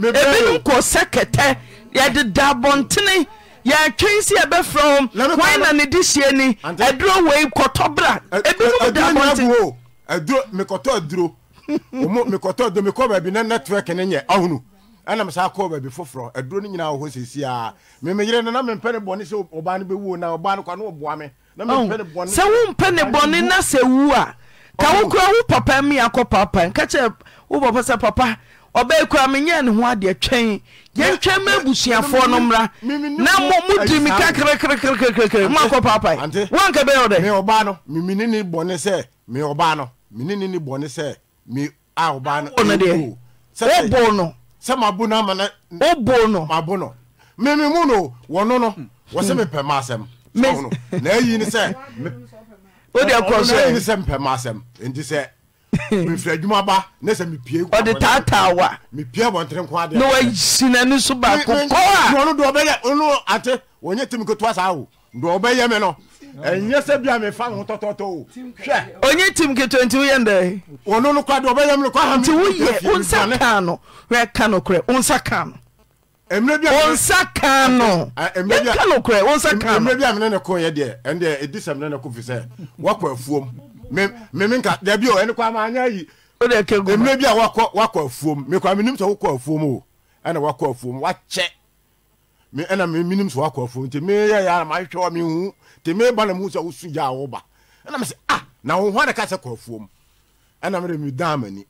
ebinom kɔ sɛ kɛtɛ yɛde da abɔntene yɛatwe nsi ɛbɛfrɛ wɔn wɔn na ne de hyia ni aduro wei kɔtɔ bra ebinom da abɔntene. aduro mekɔtɔ aduro ɔmo mekɔtɔ do mekɔ baabi na network ne nyɛ ahono ɛna mesa kɔ baabi foforɔ aduro no nyinaa wɔhɔ sɛsi a memeyere no na mempɛ ne se sɛ ɔbaa no bɛwuo na ɔbaa no kwa ne ɔboa me na mempɛ ne bɔne sɛ wompɛ ne na sɛ wu a ka wo kora wo papa mi akɔ papa nka kyerɛ wo papa sɛ papa ɔbɛɛ kora menyɛ ne ho adeɛ twɛn yɛntwɛn ma abusuafoɔ no mmra na mo modi mi ka krekrkrkrkr moakɔ papa woanka bɛyɛ wo dɛ me ɔbaa no memene ne bɔne sɛ me ɔbaa no menene ne sɛ mi a o ɔbaa no ɔno deɛ ɔbɔ no sɛ ma bu n'ama na ɔbɔ no ma bu no mímí mu no wɔn no wɔsɛ mi pɛ ma asɛm na eyi ni sɛ o de akɔ o yɛ eyi ni sɛ mi pɛ ma asɛm nti sɛ mfiri adwuma ba ne sɛ mi pie nkɔ ɔde taataa wa mi pie abɔntere nkɔ adeɛ na wa si na ni so baako kɔ a ɔno deɛ ɔbɛyɛ ɔno ate wɔnyɛ temi ketewa saa o deɛ ɔbɛyɛ mi no ɛnyɛ sɛ bia mefa me ho tɔtɔtɔ o hwɛ ɔnyɛ tim ketewa nti woyɛ ndɛ ɔno no kwa de ɔbɛyɛ mno kwa nti woyɛ wo nsa kaa no hwɛ ka no korɛ wo nsa kaa no wo kan kaa no yɛka no korɛ wo nsa kaa no mmerɛ bi a mene ne kɔyɛ deɛ ɛndeɛ ɛdi sɛ mene ne ko fi sɛ woakɔ afuom memenka dabi o ɛne kwa ma anyɛ yi mmerɛ bi a wakɔ afuom mekwa menim sɛ wokɔ afuom o ɛna wakɔ afuom wakyɛ ɛna menim m wakɔfo nti meyɛ yɛ mahwehwɛ wɔ mehu nti meba na mehu sɛ wosu gya a woba ɛna me sɛ ah na wo ho ade ka sɛ kɔfoɔ mu ɛna ni medaa m'ani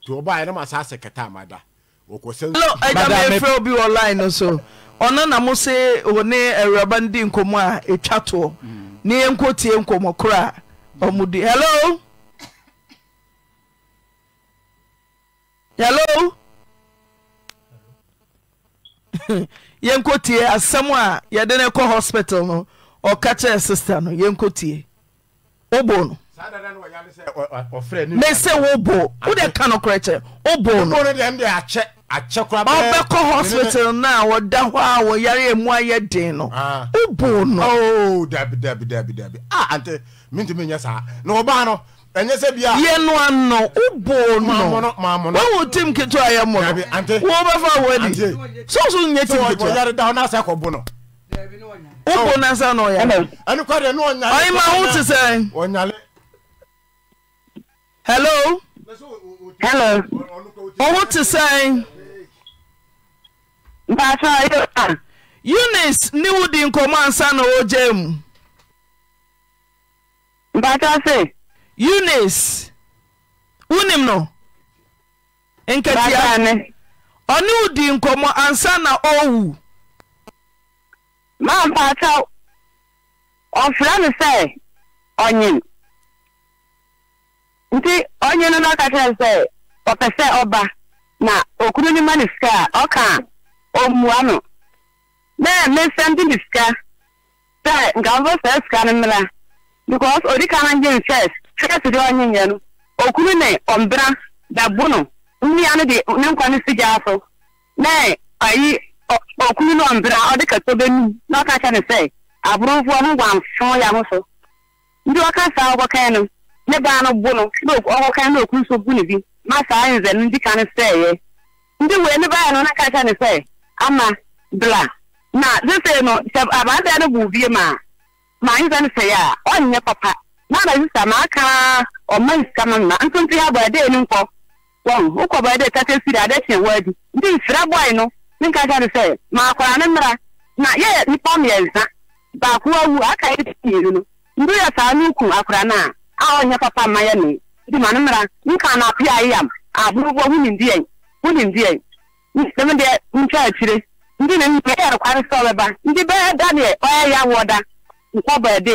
nti wɔbaɛ ne masaa sɛ kɛta amada ɛgyamefrɛ obi wɔ line no so ɔno na mo se ne mm. di a ne tie hello hello yɛnkɔtie asɛm a yɛde ne ɛkɔ hospital no ɔka kyerɛ systa no yɛnkɔtie wobo no mɛsɛ wobo wode ka nokorɛkyɛ wobo noɔbɛkɔ hospital no a wɔda hɔ a wɔ yare ayɛ den no ah. wobo no oh, ah, ɛnyɛ sɛ bia yɛ no ano wobɔɔ no wawo tim ketewa yɛ mmɔ no wobɛfa wadi soso nyɛ tim ketewa wobɔ no sa na ɔyaɔyema wo te sɛ hello hello ɔwo te sɛn eunice ne wo di nkɔmmɔ ansa na ɔgya mu mpata se eunice wunim no nkatia ɔne wodi nkɔmmɔ ansa na ɔwu mampaata ɔfrɛ no sɛ ɔnyen nti ɔnye no na ɔka kyerɛ sɛ ɔpɛ sɛ ɔba na okunu no ma ne sika a ɔka ɔmmua no dɛ mesɛnte ne sika sɛ nkamfo sɛ sika no mmra because odi ka no ngye chesi dị onye no okuru na ombra da bunu nri anụ dị na nkwanụ si gị afọ na ayi okuru na ombra ọ dịka tobe na ọka cha nse abụrụ ụgwọ m gwa mfụ ya mụsọ ndị ọka sa ọgwọ kenu n'ebe anụ bunu ọgwọ kenu na okwu nso bunu bi ma saa nze ndị ka nse ye ndị wee n'ebe anụ na kacha nse ama bla na dịfe nọ abadị anụ bụ ubie ma ma nze nse ya ọ nye papa na mwana sista ma aka ọma isika ma mma ntụntụ ha bọọdụ enu nkọ wọn ụkọ bọọdụ tata esiri adekye wọọdụ ndị nsira bọọị nke ne ma akwara ne na ya nipa mmiɛnsa baako awu aka ya ti mmienu ndị ya saa n'ukwu na a ɔnyɛ papa mma ya ne ndị ma ne mmara nka na apịa ayị ndị ndị akyire na ya ndị bee da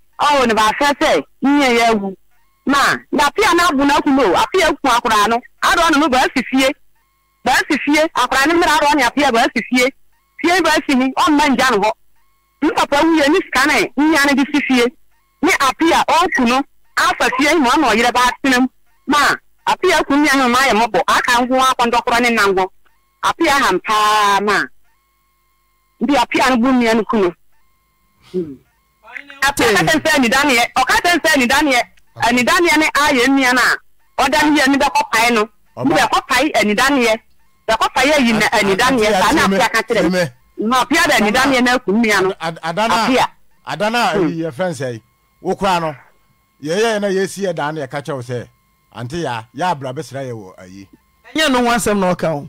nebaasɛ sɛ nmia ɛ awu ma ɛ apia no abo no aku no apia aku akora no arɔne no baasi fie baasi fie akoraa no mera arɔ ne apia baasi fie fiei baasini ɔmma ngya ne hɔ mpapa wue ne sika ne nnia no de si fie ne apia ɔku no afa fie him ɔnɔɔyerɛ baasenam ma apia aku mia hemmayɛ mɔbɔ aka nko akɔndɔkorɔ ne nangɔ apia ham paa maa ndi apia no bo nmia no kuno hmm. ɔka sɛ nidaneɛ ɔka nidaneɛ nidaneɛ ne ayɛ mmea no a ɔda no yɛ ne bɛkɔ pae no bɛkɔ pae anidaneɛ bɛkɔ pae ayi na anidaneɛ saa na apia ka kyerɛ na apia da anidaneɛ no aku mmea no apia adana a yɛfrɛ nsɛe wo koraa no yɛyɛ na yɛsi yɛ e daa no e yɛka kyɛw sɛ ante ya yɛ abra bɛsra yɛ wɔ ayi ɛnyɛ no wansɛm na ɔka wo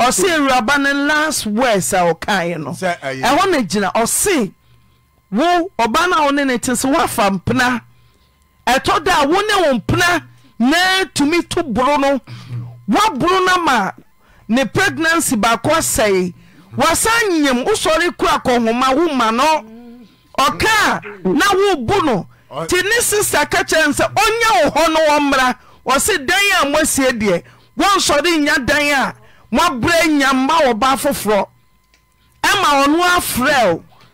ɔse awuraba hmm. no last words a ɔkaeɛ no ɛhɔ na gyina ɔse wo ɔba no a wo ne ne te sɛ woafa mpena ɛtɔ da a wo ne wo mpena na tumi to boro no woaboro no ma ne pregnancy baakɔ sɛe woasan nyam wosɔre kora kɔhoma wo ma no ɔkaa na wobu no nti ne sista ka kyerɛ n sɛ ɔnya wo hɔ no wɔ mmra ɔse dan a moasie deɛ wɔnsɔre nnya dan a moabrɛ nya mma wɔba foforɔ ɛma ɔno afrɛ o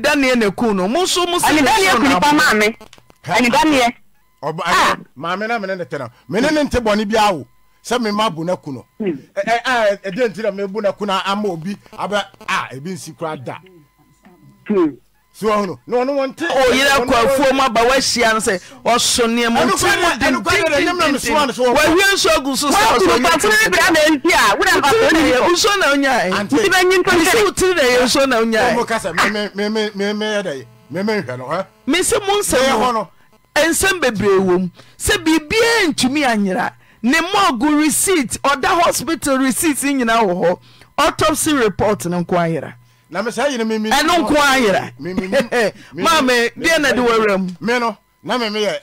daniel na ekun no mo nso mo si ne so na abo maame ani daniel ọba ah maame na mene ne tẹnam mene ne nte bọni bi awo sẹ mi ma bu ne kun no ẹ ẹ ẹ ẹdẹ nti na bu ne kun na ama obi abẹ a ebi nsi kura da. soɔhono oh, na ɔno wɔn te. oyira kwafuo mu aba wahyia no sɛ ɔso nneɛma nti mu wawie nso agu so sɛ ɔso nneɛma nti mu nso na onya yɛ nti wotiri na yɛ nso na onya yɛ. mesi mu nsɛm no nsɛm bebree wɔ mu sɛ biribiara ntumi anyera ne mɔɔgo receipt ɔda hospital receipt nyinaa wɔ hɔ autopsy report no nko ayera na mɛ sɛ yiri mi mi. ɛnu nkun ayira maame diɛ na di wɔwura mu. mi no na mi mi yɛ.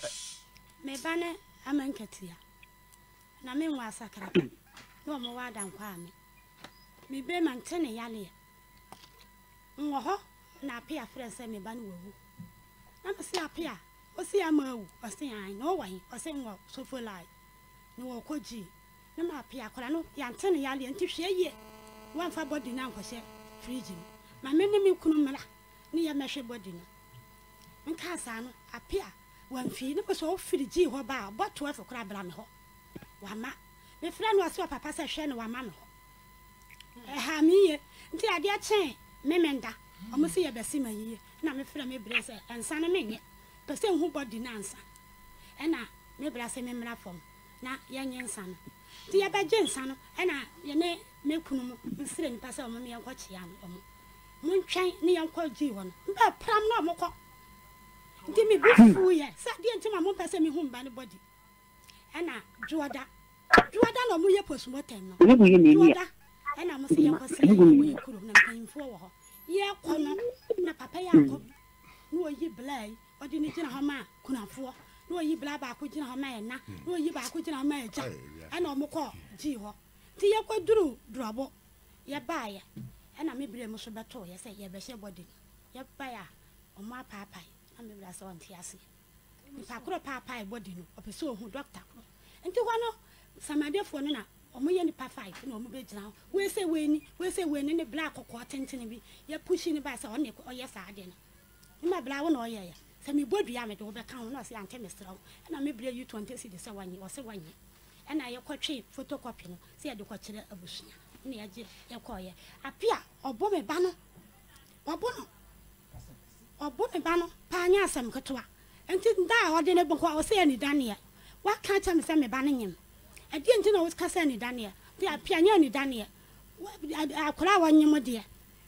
mɛ ba ne ama nketeya na mi nwa asakara ne wɔn wa ada nkwa mi mi bɛ ma nte ne yaleɛ nwɔ hɔ na apia fɛrɛ sɛ mi ba ne wɔ wu na mɛ sɛ apia ɔsi ama awu ɔsi an na ɔwɔ yi ɔsi nwɔ sofo lai na wɔ kɔ gyi na ma apia akɔla no yante ne yaleɛ nti hwɛ yie wɔn afa bɔ di na nkɔhyɛ firiji mu maame ne me kunu mmra ne yɛ mɛhwɛ bɔdi no nkaa saa no ape a wamfii ne pɛsɛ ɔfiri gyii hɔ baa ɔbɔ to ɛfo kora bra me hɔ wama mefrɛ no ɔse ɔpapa sɛ hwɛ no wama me hɔ ɛha me yie nti adeɛ kyɛn me me nda ɔmo sɛ ma yie na mefrɛ me berɛ sɛ ɛnsa no menyɛ pɛ nhu bɔdi no ansa ɛna me bra sɛ memmra fam na yɛnyɛ nsa no nti yɛbɛgye nsa no ɛna yɛne me kunu mu nsrɛ nipa sɛ ɔmo meyɛnkɔkyea no ɔmo montwɛn ne yɛnkɔ gyii hɔ no mbɛ pram na mokɔ nti me bi fuu yɛ sɛ deɛ nti ma mompɛ sɛ mehu mba ne bɔdi ɛna dwoɔda dwoɔda na ɔmoyɛ postmortem no dwoɔda ɛna mo sɛ yɛkɔ sɛ yɛyɛ kurom na mpanyimfoɔ wɔ hɔ yɛkɔ no na papa yɛ hmm. akɔ na ɔyi hmm. blaa yi ɔde ne gyina hɔ ma kunafoɔ na ɔyi blaa baako gyina hɔ ma ɛna na ɔyi baako gyina hɔ ma ɛgya ɛna ɔmo kɔɔ gyii hɔ nti yɛkɔ duru durɔbo yɛbaayɛ ɛna me berɛ mu so bɛtoo yɛ sɛ yɛbɛhyɛ bɔde no yɛbae a ɔmo apaapae na me berɛ sɛ ɔnte ase nipa korɔ paapae bɔde no ɔpɛ sɛ ɔhu dɔkta korɔ nti hɔ no samadefoɔ no na ɔmo yɛ nipa five na ɔmo bɛgyina hɔ wɛsɛ wɛni wɛsɛ wɛni ne bla kɔkɔɔ tenten bi yɛpusi ne ba sɛ ɔne ɔyɛ saa adeɛ no nima bla wo na ɔyɛ yɛ sɛ mi bɔ dua mi de wo bɛka ho na ɔsɛ ante mi srɛ wo ɛna mi berɛ yi tɔn tɛ si de sɛ wɔnyɛ ɔsɛ wɔnyɛ ɛna yɛkɔtwe photocopy no sɛ yɛde kɔkyerɛ abusua ne yɛgye yɛkɔɔyɛ ape a ɔbɔ me ba no ɔbɔ no ɔbɔ me ba no paa nyɛ asɛm ketewa nti da a ɔde ne bɔnkɔ a ɔsɛ yɛ ne daneɛ waka kyɛ me sɛ me ba no nyem ɛdeɛ nti na wɔka sɛ ne daneɛ bi ape a nyɛ ne daneɛ akora a wɔnyem deɛ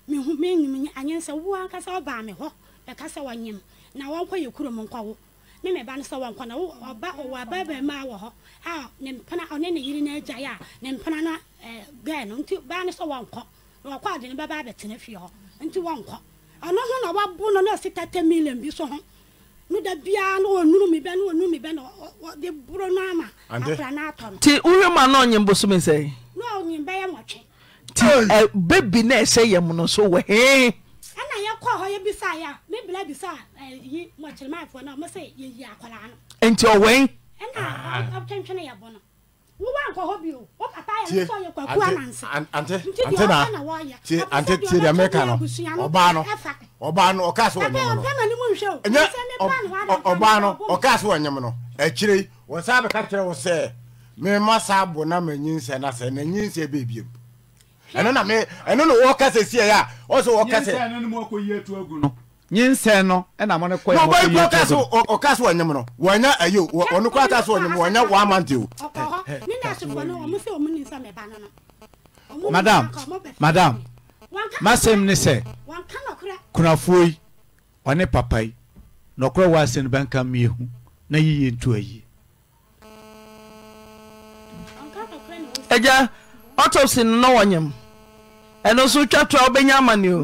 mehu menyim anyɛ sɛ wo ankasa ɔbaa me hɔ bɛka sɛ wɔnyem na wɔnkɔ yɛ kurom nkɔwo ne me ba no sɛ wɔnkɔ na ɔba ɔwɔ aba bɛmaa wɔ hɔ a ne mpena ɔne ne yere no agyae a ne mpena no eh, bɛɛ no nti baa no sɛ wɔnkɔ na wɔkɔ ade no bɛba abɛtena fie hɔ nti wɔnkɔ ɔno ho na wɔbo no na ɔsi tata million bi so ho no da biara na wɔnuru mi bɛ na wɔnuru mi bɛ na wɔde buro no ama akora no atɔ no nti wohwɛ ma eh, na ɔnye bosomi sɛ na ɔnye bɛyɛ nwɔtwe nti bɛbi na ɛsɛ yɛ mu no so wɔ hee ɛna yɛkɔ hɔ yɛbisa yɛ a mebila bisa eh, yi mɔkyerɛmaafoɔ ah. no ɔmo sɛ yɛyi akwaraa no nti ɔwɛn ɛna ɔtwentwene yɛ bɔ no wowɔ ankɔ hɔ bio wo papa yɛ sɛ ɔyɛ kwaku anansa nti deɛ ɔka na wɔyɛ ɔpɛ sɛ deɛ ɔbɛtwa ne abusua no ɛfa ɔbaa no ɔka so wɔnyam no ɔbaa no mu nhwɛ o ɛnyɛ ɔbaa no ɔka so wɔnyam no akyire wɔn saa bɛka kyerɛ wo sɛ mema saa bo na manyinsɛ na sɛ nanyinsɛ bɛbiam ɛno na me ɛno na wɔka sɛ sie a ɔsɛ wɔka sɛ nyinsɛn no ni ɛna mo ne kɔ ɛmɔ kɔ yie tuo so ɔka so ɔnyem no wɔnya ayi o ɔno kɔ ata so ɔnyem wɔnya wɔn amante o. madam madam masɛm ni sɛ kunafoɔ yi ɔne papa yi na ɔkorɔ wɔ ase no bɛnka mmienu na yiyie ntu ayi. ɛgya autopsy no na wɔnyam ɛno nso twa to a wobɛnya amane o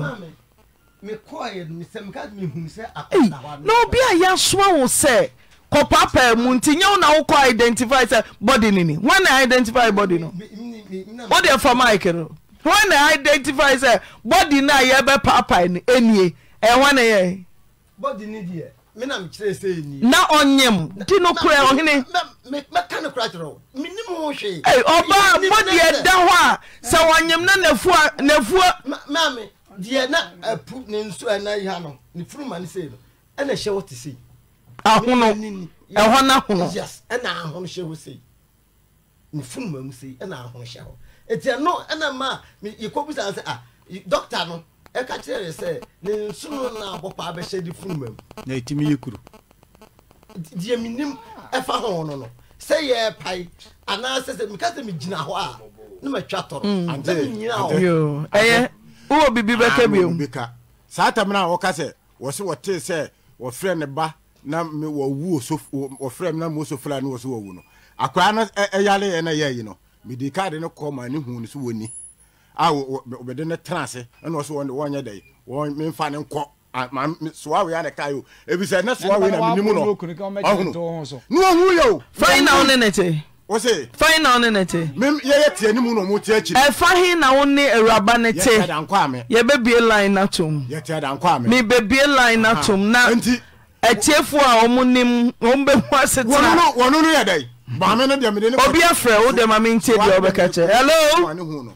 na obi a yɛasoa wo sɛ kɔpapaa mu nti nyɛ wo na wokɔ identify sɛ body nini wọn na identify body no wọ́n de fa mic no wọn na identify sɛ body na yɛ bɛ paapaa ni enie ɛwọn na yɛ. body ni deɛ na ɔnyem di no kura ɔhene. mɛka no kura kyerɛ menim ho hwee. ee ɔbaa mo deɛ da hɔ a sɛ ɔnyem na nafua nafua. maame deɛ na apu eh, ne nsu ɛna yi ha no ne funuma ne sei no ɛna ɛhyɛ wɔ te sei. ahono ɛhɔ na ahono. yes ɛna ahono hyɛ wɔ sei ne funuma mu sei ɛna ahono hyɛ hɔ etia no ɛna maa yɛ kɔ bisa sɛ ah dɔkta no. ɛka kyerɛ ne sɛ ne nsono no abɔpa abɛhyɛ de funuma mu na ɛtumi yɛ kuro deɛ menim ɛfa ho no no sɛ yɛɛpae anaasɛ sɛ meka sɛ megyina hɔ a na matwa tɔrɔ mm. sɛ menyina hɔ ɛyɛ wowɔ biribi bɛka bio saa tam a wɔka sɛ wɔse wɔtee sɛ wɔfrɛ ne ba na wɔwu wɔfrɛ me na mosofra ne wɔ so wɔwu no akoraa no ɛyaleɛ na yɛyi no mede kaade no kɔ ma ne hu no so wɔni obɛde ne tena ase ɛna ɔsɛ wɔnyɛ dɛ memfa ne nkɔ soawe ane ka o ebisɛ ne na menim no ɔhono ne ɔhu o fain na wo ne ne te na wo ne mi tie ni mu na ɔmo tie akyi ɛfa he na wo ne awuraba ne te yɛbɛbie line no tom mebɛbie line tom na atiefoɔ a ɔmo nim ɔmo ase tena yɛ dɛ maame deɛ ne obi afrɛ deɛ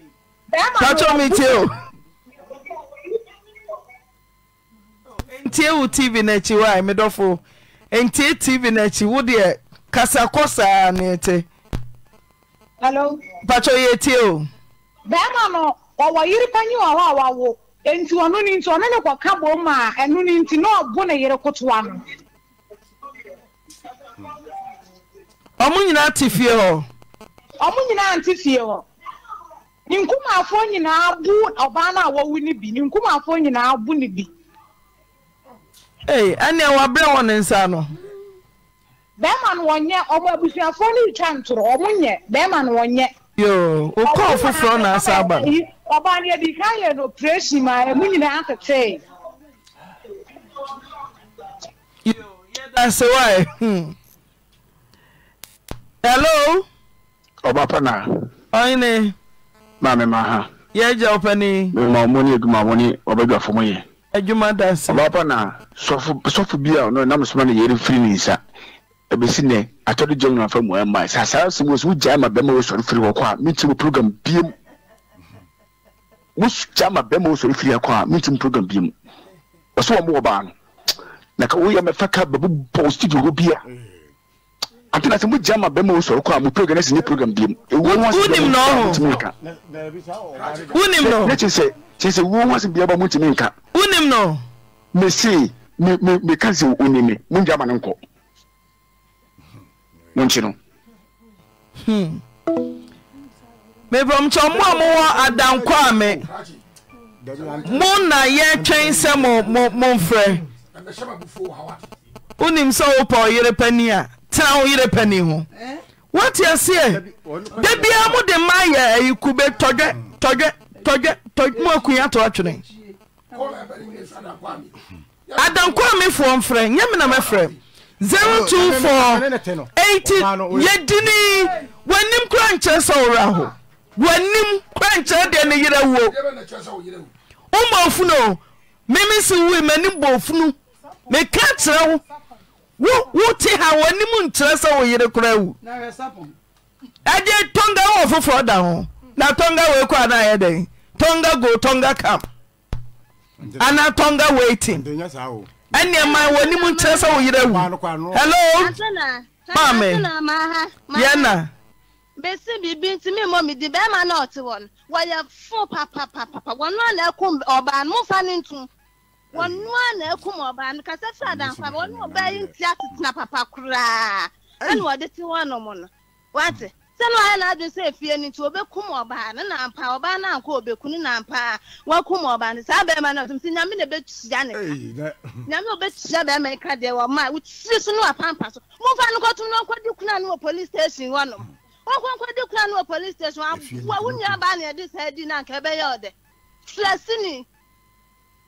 ntie wo tv Enti ewu wa medɔfo ntie tv no akyi deɛ kasa kɔ saa ne ɛte tie o bɛrima nọ, ɔwɔ yiri panyi wɔ hɔ a enti ɔno ne nti ɔno ne kɔka bom a ɛno na ne nyinaa ti fie hɔ Ọmụ nyinaa fie hɔ ninkumafoɔ nyinaa bu ɔbaa no a wɔwu no bi ninkumafoɔ nyinaa bu no bi ɛnea wɔaberɛ wɔ ne nsa no bɛrima no wɔnyɛ ɔmo abusuafoɔ no retwa ntoro ɔmo nyɛ bɛrima no wɔnyɛ wokɔɔ foforɔ na asa aba ɔbaa no ka yɛ no operation ma ɛmu nyinaa tetee wae hmm. hello na maame ma ha. yẹ jẹ ọpẹni. mi ma ọmọ ni edwuma ọmọ ni ọbẹdwa fọmọ yẹ. edwuma dansi. ọbaapa na sọfọ sọfọ bi a ọnà nam sọmọ ni yẹri firi ni nsa ebesi nẹ atọdi jẹun na fẹ mu ẹ mma sasa sẹ mo sọ gya ama bẹẹma o sọrọ firi wọ a mi ti mo program bie mu mo gya ama bẹẹma o sọrọ firi kọ a mi ti mo program bie mu ọsọ wọn mu wọ baa no na ka wọ́n yẹ mẹfà ká bẹ̀bú bọ̀ studio ati na sɛ mo gya ma bɛma wo sɔre kɔ a mo program ne program biem wonim no nka wonim no ne kye sɛ kye sɛ wo wase biaba mo ntumi nka wonim no mese me me me ka sɛ onim me mo gya ma ne nkɔ mo nkyi no mebrɛm mo a mowɔ adankɔ a me mo na yɛtwɛn sɛ mo mo mfrɛ wonim sɛ wopɛ ɔyere pani a tena wo yerɛ pani ho eh? woteaseɛ da biaa de ma yɛ ayi kube tɔdwɛ tɔdwɛ tɔdwɛ tɔ mo akua toatwene adankɔamefoɔ mfrɛ nyɛ mena mɛfrɛ 024 yɛdini w'anim kora nkyerɛ sɛ wowerɛ ho w'anim kora nkyerɛ deɛ ne yerɛ wuo womma ofunu o meme si woi m'anim bɔ ofunu meka kyerɛ wo wote ha w'anim nkyerɛ sɛ wo yere kora wu agye tɔnga wɔ foforɔ da ho na tɔnga wei kɔ ana ayɛ dɛn tɔnga go tɔnga kam ana tɔnga waiting ɛneɛ ma w'anim nkyerɛ sɛ wo yere wu hello maame yɛna bɛsi biribi nti memmɔ medi bɛrima na ɔte hɔ no wɔyɛ fo papapapapa wɔno ana ɛko ɔbaa no momfa ne ntom wọn nua na ekum ọbaa no kasa fira danfa wọn nua ọbaa yi nti atetena papa koraa ɛna wɔde te hɔ nom no wate sani wɔayɛ n'adu sɛ efie ni nti obekum ɔbaa ne nampa ɔbaa nankɔ obeku ne nampa wakum ɔbaa ne saa bɛrima na ɔtum si nyame na ebetua ne ka nyame obetua bɛrima yi ka deɛ wɔma wotiri so ne wapampa so mofa no kɔtum na ɔkɔ di kuna no wɔ police station hɔ nom ɔkɔ nkɔ di kuna no wɔ police station aboa wo nua baa na yɛde saa na nka ɛbɛyɛ ɔdɛ filasi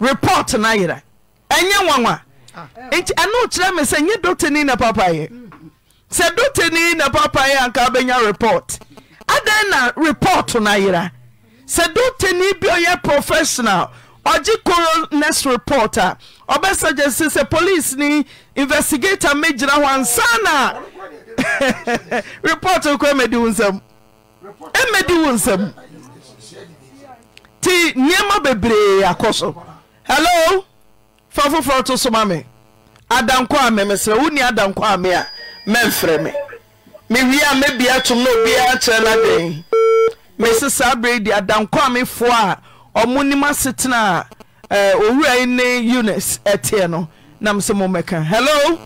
reoernkerɛm sɛye ɛn naapaɛ kaya repo n na repot noera sɛ dotani bi oyɛ professional ogye koro nex report a ɔbɛsayese sɛ police no investigato me yira hɔ ansan reos mdiwo sɛ ti nɛma bebre kso helo fa foforɔ to soma me adankɔ a me mesrɛ wonni adankɔ a me a mɛmfrɛ me mewie a mɛbia tom na obiara kyerɛ no dɛn mese saa berɛ di adankɔ a mefoɔ a ɔmonim asetena a eh, owurai ne unis ɛteɛ eh, no nam sɛ mommɛka helo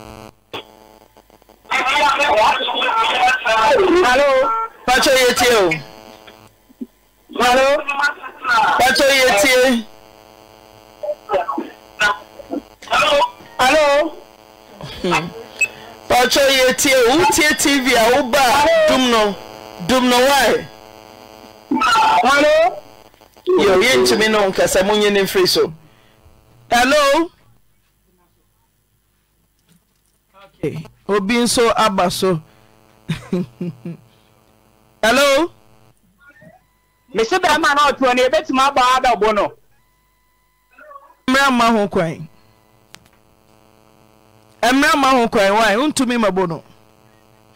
pakyɛ yɛtie o pakyɛ yɛtie Hello. Hmm. Pacho ye tie u tie TV a u ba dumno dumno why? Hello. Yo ye ntimi no nkasa munye ne mfiri so. Hello. Okay. Obi nso aba so. Hello. Mesi bɛrima na ɔtoɔ no yɛbɛtumi abɔ adabɔ no. mmerɛ ma ho kwan mmerɛ ho kwan wa wontumi mabo no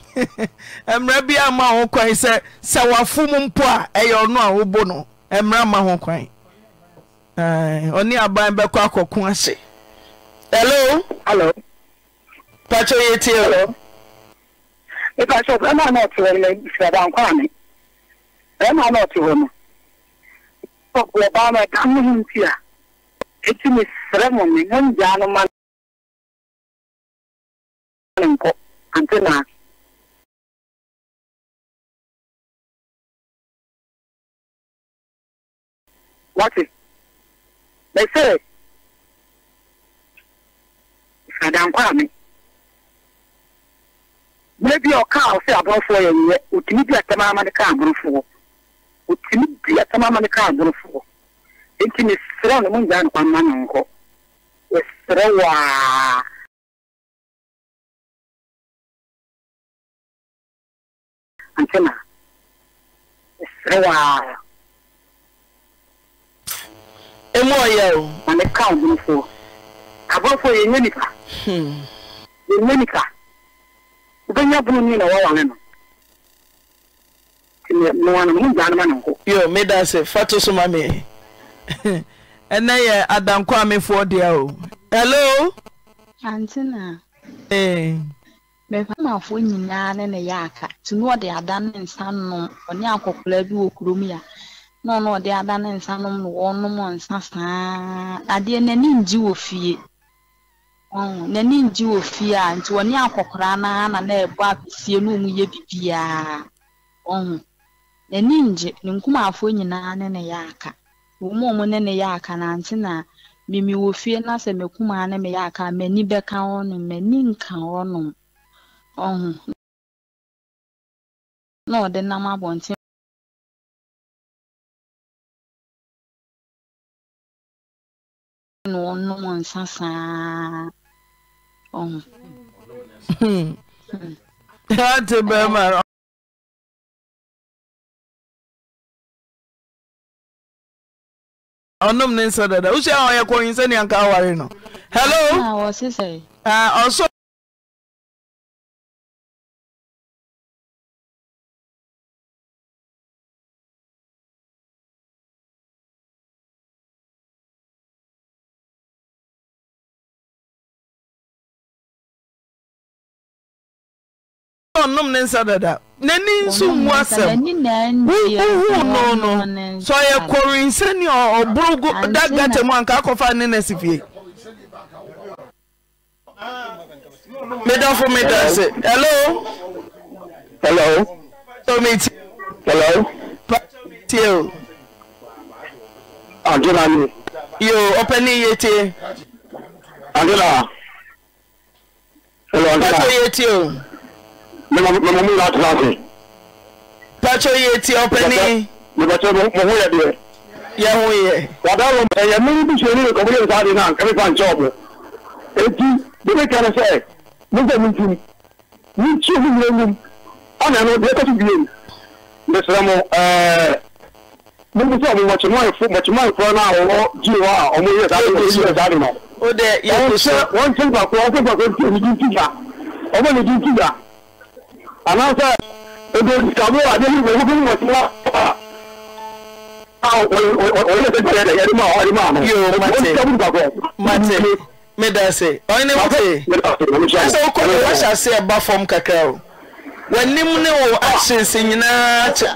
mmerɛ ho kwan sɛ sɛ wafo mu mpo a ɛyɛ ɔno a wobo no mmerɛ ho kwan ɔne aban bɛkɔ akɔko ahye hello hello pakyɛ yɛ tie o a eti mesrɛ mo me ho ngyaa no ma ne nkɔ ante na wate mɛsɛ sadankɔ a me mmerɛ bi a ɔkaa ɔsɛ aborɔfoɔ yɛ nyɛ ɔtumi bi atɛm ama ne kaa aborɔfoɔ ɔtumi bi atɛm ama ne kaa aborɔfoɔ nti mesrɛ no mongyaa nkwa mma no nkɔ yɛserɛ waa antena yɛserɛ waa ɛmu e ɔyɛ o na meka ɔborofoɔ aborɔfoɔ yɛnyɛ nipa yɛnyɛ hmm. nipa wobɛnya bono ni na wɔwale no nti mewa no mongyaa no ma no nkɔ yo meda se fa to so ɛnɛ yɛ adankɔ amefoɔ dea o hello. antina. ee. Eh. mmefa amafoɔ nyinaa ne ne yɛ aka tunu ɔde ada ne nsa nom ɔne akɔkora bi wɔ kurom ya na ɔno ɔde ada ne nsa nom na wɔnom nsa saa adeɛ n'ani ngye wɔ fie n'ani ngye wɔ fie a nti ɔne akɔkora naa na na ɛbɔ apɛsie na ɔmo yɛ bibiara ɔho n'ani ngye ne nkumafoɔ nyinaa ne ne yɛ aka. wɔn a wɔne ya yɛ aka nante na mimi wɔ fie na sɛ mekum ha ne meyɛ aka m'ani bɛka hɔnom m'ani nka hɔnom ọhụ. na ɔde nam abɔnten na ɔnom nsa saa hmm. hmm. ɔho. ɔte bɛrima ɔnom ne nsa dada wohyɛ a ɔyɛ kɔnyin sɛ neanka aware no hello ɔso ɔnom ne nsa dada n'ani nso nwu asɛm wohu no no sɛ ɔyɛ kɔrinse ne ɔboro da gata mu anka akɔfa ne na si fie medafo medase hello hello tomiti hello tie o adela ni yo ɔpɛ ne yie Angela adela hello adela ɔpɛ yie tie o mɛmɔ mu yɛ atenase. pàtó yé ti ɔpɛni. mɛpɛtɛ mɛ ho yɛ deɛ. yɛ ho yɛ. wàdà wɔ mɛ ɛyɛ mímu bí sèé nílò kɔmíyɛ nsáà di náà nkàmi fà nkyɛn ɔbɔ eti bí mi kàn sɛ mi sɛ mi ntum mi ntu mi nyɛ nyum ɔnà ɛnu deɛ kɔtù bie mu mbɛsirɛ mu ɛɛ mo n sɛ ɔmo mɔtɛmɔyɛfo mɔtɛmɔyɛfo náà ɔwɔ gyi hɔ a ɔmo yɛ sáà di yɛ sáà o de yɛ kò sɛ. wɔn sɛ wɔn sɛ gbàgbọ́ wɔn sɛ gbàgbọ́ ti omi di ti ya ɔmo ni di ti ya ànánsẹ ebi ìtàbí adéhùn ìwé fún mọ̀ sí wa. Oye ti bẹ̀rẹ̀ dẹ̀ yẹ́rì máa ọ̀rẹ́ máa mọ̀. Yóò mate mate medase ọ̀yin ni mate ẹsẹ̀ okòó ni wọ́n ṣàṣẹ ẹ̀ bá fọ́ọ̀mù kakra o wọ́n ní mu ní wọ́n actions nyinaa kyẹ.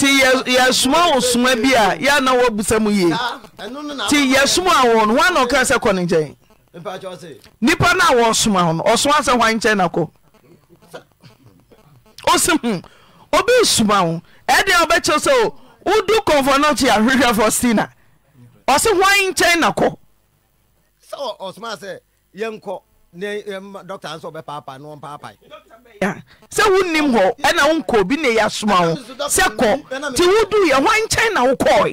Ti yɛ suma wɔ suma bi a yɛ anan wɔ busa mu yie. Ti yɛ suma wɔn wɔn na ɔka sɛ kɔ ne nkyɛn. nipa no a wɔsoma ho no ɔsoma sɛ hwan nkyɛn nakɔ osim hmm, obɛ suma wo ɛdeɛ e wobɛkyerɛ sɛ wodu kɔmfɔ no kye ahwehwɛfo sina ɔse hwan nkyɛn nakɔ sɛ wonnim hɔ ɛna wonkɔ bi ne yɛ asoma wo sɛ kɔ nti wodu yɛ hwan nkyɛn na wokɔe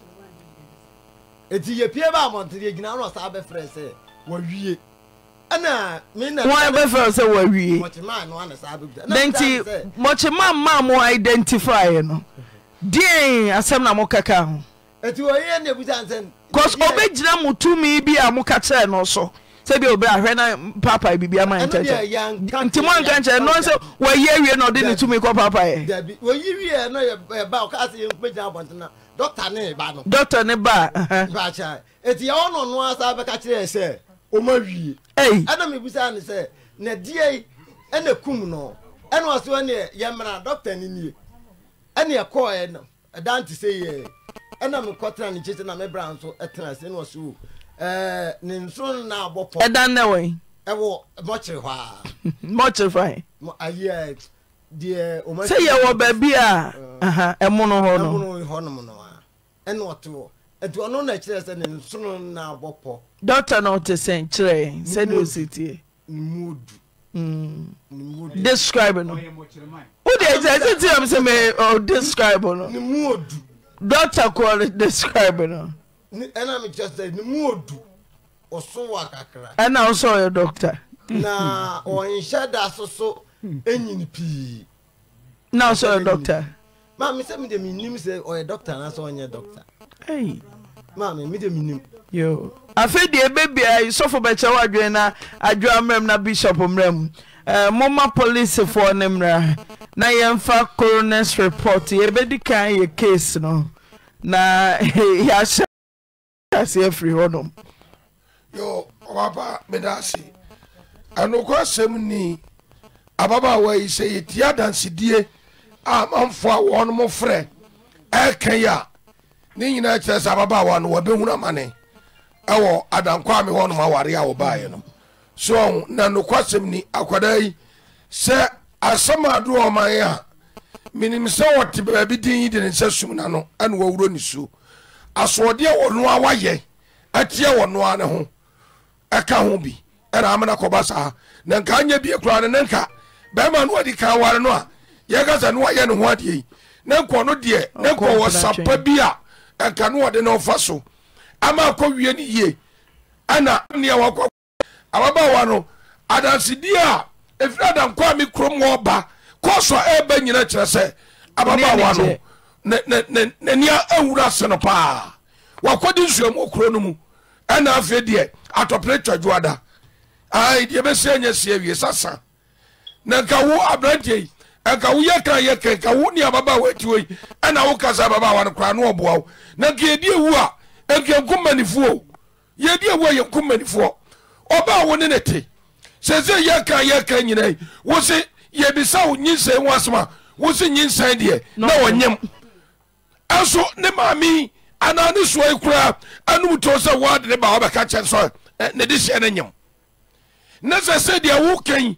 eti yɛ pie ba abɔnten yɛ gyina ano ɔsan abɛfrɛ sɛ wɔwie ɛna mi na. wọn abɛfrɛ sɛ wɔwie mɔkyemaa no ana saa abɛguta. nti mɔkyemaa maa mo identify no deɛ asɛm na mo kaka ho. eti wɔn yɛ na ebusa nsɛm. cos ɔbɛgyina mo tumi bi a mo ka no so sebi obi ahwɛ na papa bibi ama yɛn kyɛkyɛ nti mo anka nkyɛn no sɛ wɔyi awie na ɔde ne tumi kɔ papa yɛ. dabi wɔyi wie na yɛ ba ɔka ase yɛn kumegyina abɔnten na. dɔkta ne ba no. dɔkta ne ba. ba kya eti yɛ ɔno no asa bɛka kyerɛ yɛ sɛ ɔma ɛyi ɛna mi busa ne sɛ na die ɛna kum no ɛna ɔso ɛna yɛ mmerɛ dɔkta ne nie ɛna ɛkɔɔ yɛ no ɛdan te sɛ yɛ ɛna mi na mi bra nso ɛtena ɛna ɔso ɛɛ na abɔ pɔ. ɛdan na wɔn. ɛwɔ mɔkyere hɔ aa. mɔkyere ayi deɛ sɛ a eh. hɔ no. hɔ ɛna ɔte hɔ ɛti ɔno na kyerɛ sɛ ne nsono na abɔ pɔ. dɔkta na ɔte sɛn kyerɛ sɛde osi tie. nimu odu. Mm. describe no o de ɛsɛ ɛsɛ ti yam sɛ mɛ ɔ describe no. nimu odu. dɔkta kɔ describe no. ɛna mi kyerɛ sɛ nimu odu ɔso wa kakra. ɛna ɔsɔ ɔyɛ dɔkta. na ɔnhyɛ da soso enyini hmm. pii. na ɔsɔ ɔyɛ dɔkta maame sɛ mede menim sɛ ɔyɛ dɔkta na sɛ ɔnyɛ dɔkta maame mede menim afei deɛ ɛbɛbia sɔfo bɛkyɛ wo adwene na adwoa mmerɛm na bishop mmerɛm eh, momma policefoɔ ne mmra na yɛmfa coroners report yɛbɛdi kan yɛ case no na yɛahyɛ ase afiri hɔ nom yo ɔbaba meda ase ɛnokɔ asɛm ni ababaawa yi sɛ yɛtia dansedie amanfo a wɔnom frɛ ɛka yi a ne nyinaa kyerɛ sɛ ababaawa no wɔbɛhunu amane ɛwɔ adankwame hɔnom aware a wɔbaeɛ no so na nokwasɛm ni akwadaa yi sɛ asɛm adoɔ ɔman a menim sɛ wɔte baabi din yi de ne nsa sum na no ɛne wɔwuro ne suo asoɔdeɛ wɔ noa wayɛ ɛteɛ wɔ noa ne ho ɛka ho bi ɛna amena kɔba saa na nka nyɛ bie koraa no ne nka bɛrima no wɔde ka ware no a yɛkasa no wayɛ ne ho adeɛ yi ne nkɔ no deɛ ne nkɔ wɔ sapa bi a ɛnka no wɔde ne ɔfa so ama akɔ wie no yie ɛna nea wakɔ ababaawa no adansedie a ɛfiri adankɔ a me kurom wɔ ba kɔɔso ɛɛbɛ nyina kyerɛ sɛ ababaawa no n'ani awura ase no paa wakɔde nsuamu kuro no mu ɛna afei deɛ atɔpere twadwoada ai deɛ bɛsi anya sie awie sasa na nka yi ɛnka woyɛ kra yɛ kra wo ne ababaawa atiwɔ yi ɛna wo kasa ababaawa no koraa ne ɔboa wo na nka yɛdi awu a ɛnka yɛnko mmanifoɔ yɛdi awu a yɛnko mmanifoɔ ɔbaa wo ne ne te sɛ sɛ yɛ kra nyina yi wo se yɛbisa wo nyinsɛn ho asɛm a wo se nyinsɛn deɛ na wɔnyem ɛnso ne maame anaa ne soa yi koraa anom too sɛ woade ne ba wobɛka kyɛ nsɔ ne de hyɛ no nyem na sɛ sɛdeɛ wo kan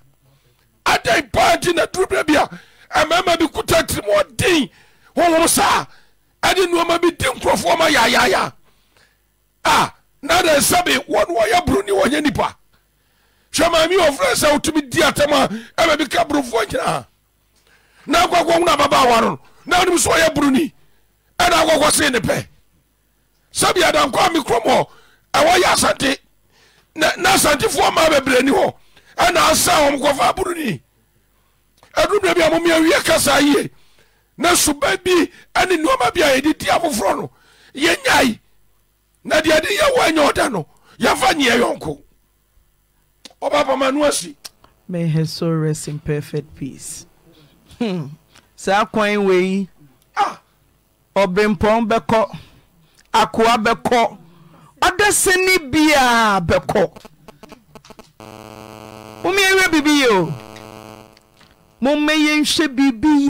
adɛn paa na duru berɛ bi mmarima bi kuta tirim ɔden honhom saa ɛde nnoɔma bi di nkurɔfoɔ ma yayaya a na dɛn sɛbe wɔne wɔyɛ boroni wɔnyɛ nipa hwɛ maami ɔfrɛ sɛ wotumi di atam a ɛma bi ka borofoɔ nyinaa na akɔkɔ hono ababaawa no na wonim sɛ ɔyɛ boroni ɛna akɔkɔ see ne pɛ sɛbi adankɔ a me kurom hɔ ɛwɔ yɛ asante na asantefoɔ ma bebrɛ ni hɔ ɛna asa wɔn kɔfa buroni ɛdumuna bi a wɔn awie kasa yie na suba bi ɛne nneɛma bi a yɛde di afoforɔ no yɛnya na deɛ de yɛ wɔ ɛnyɛ ɔda no yɛfa nyeɛ yɔnko ɔba pama no asi. may her soul rest in perfect peace. Hmm. saa kwan wei ah! ɔbɛnpɔn bɛkɔ akoa bɛkɔ ɔdɛsɛni biara bɛkɔ mo mmea yɛ biribi yɛ o mo mmea yɛ nhwɛ biribi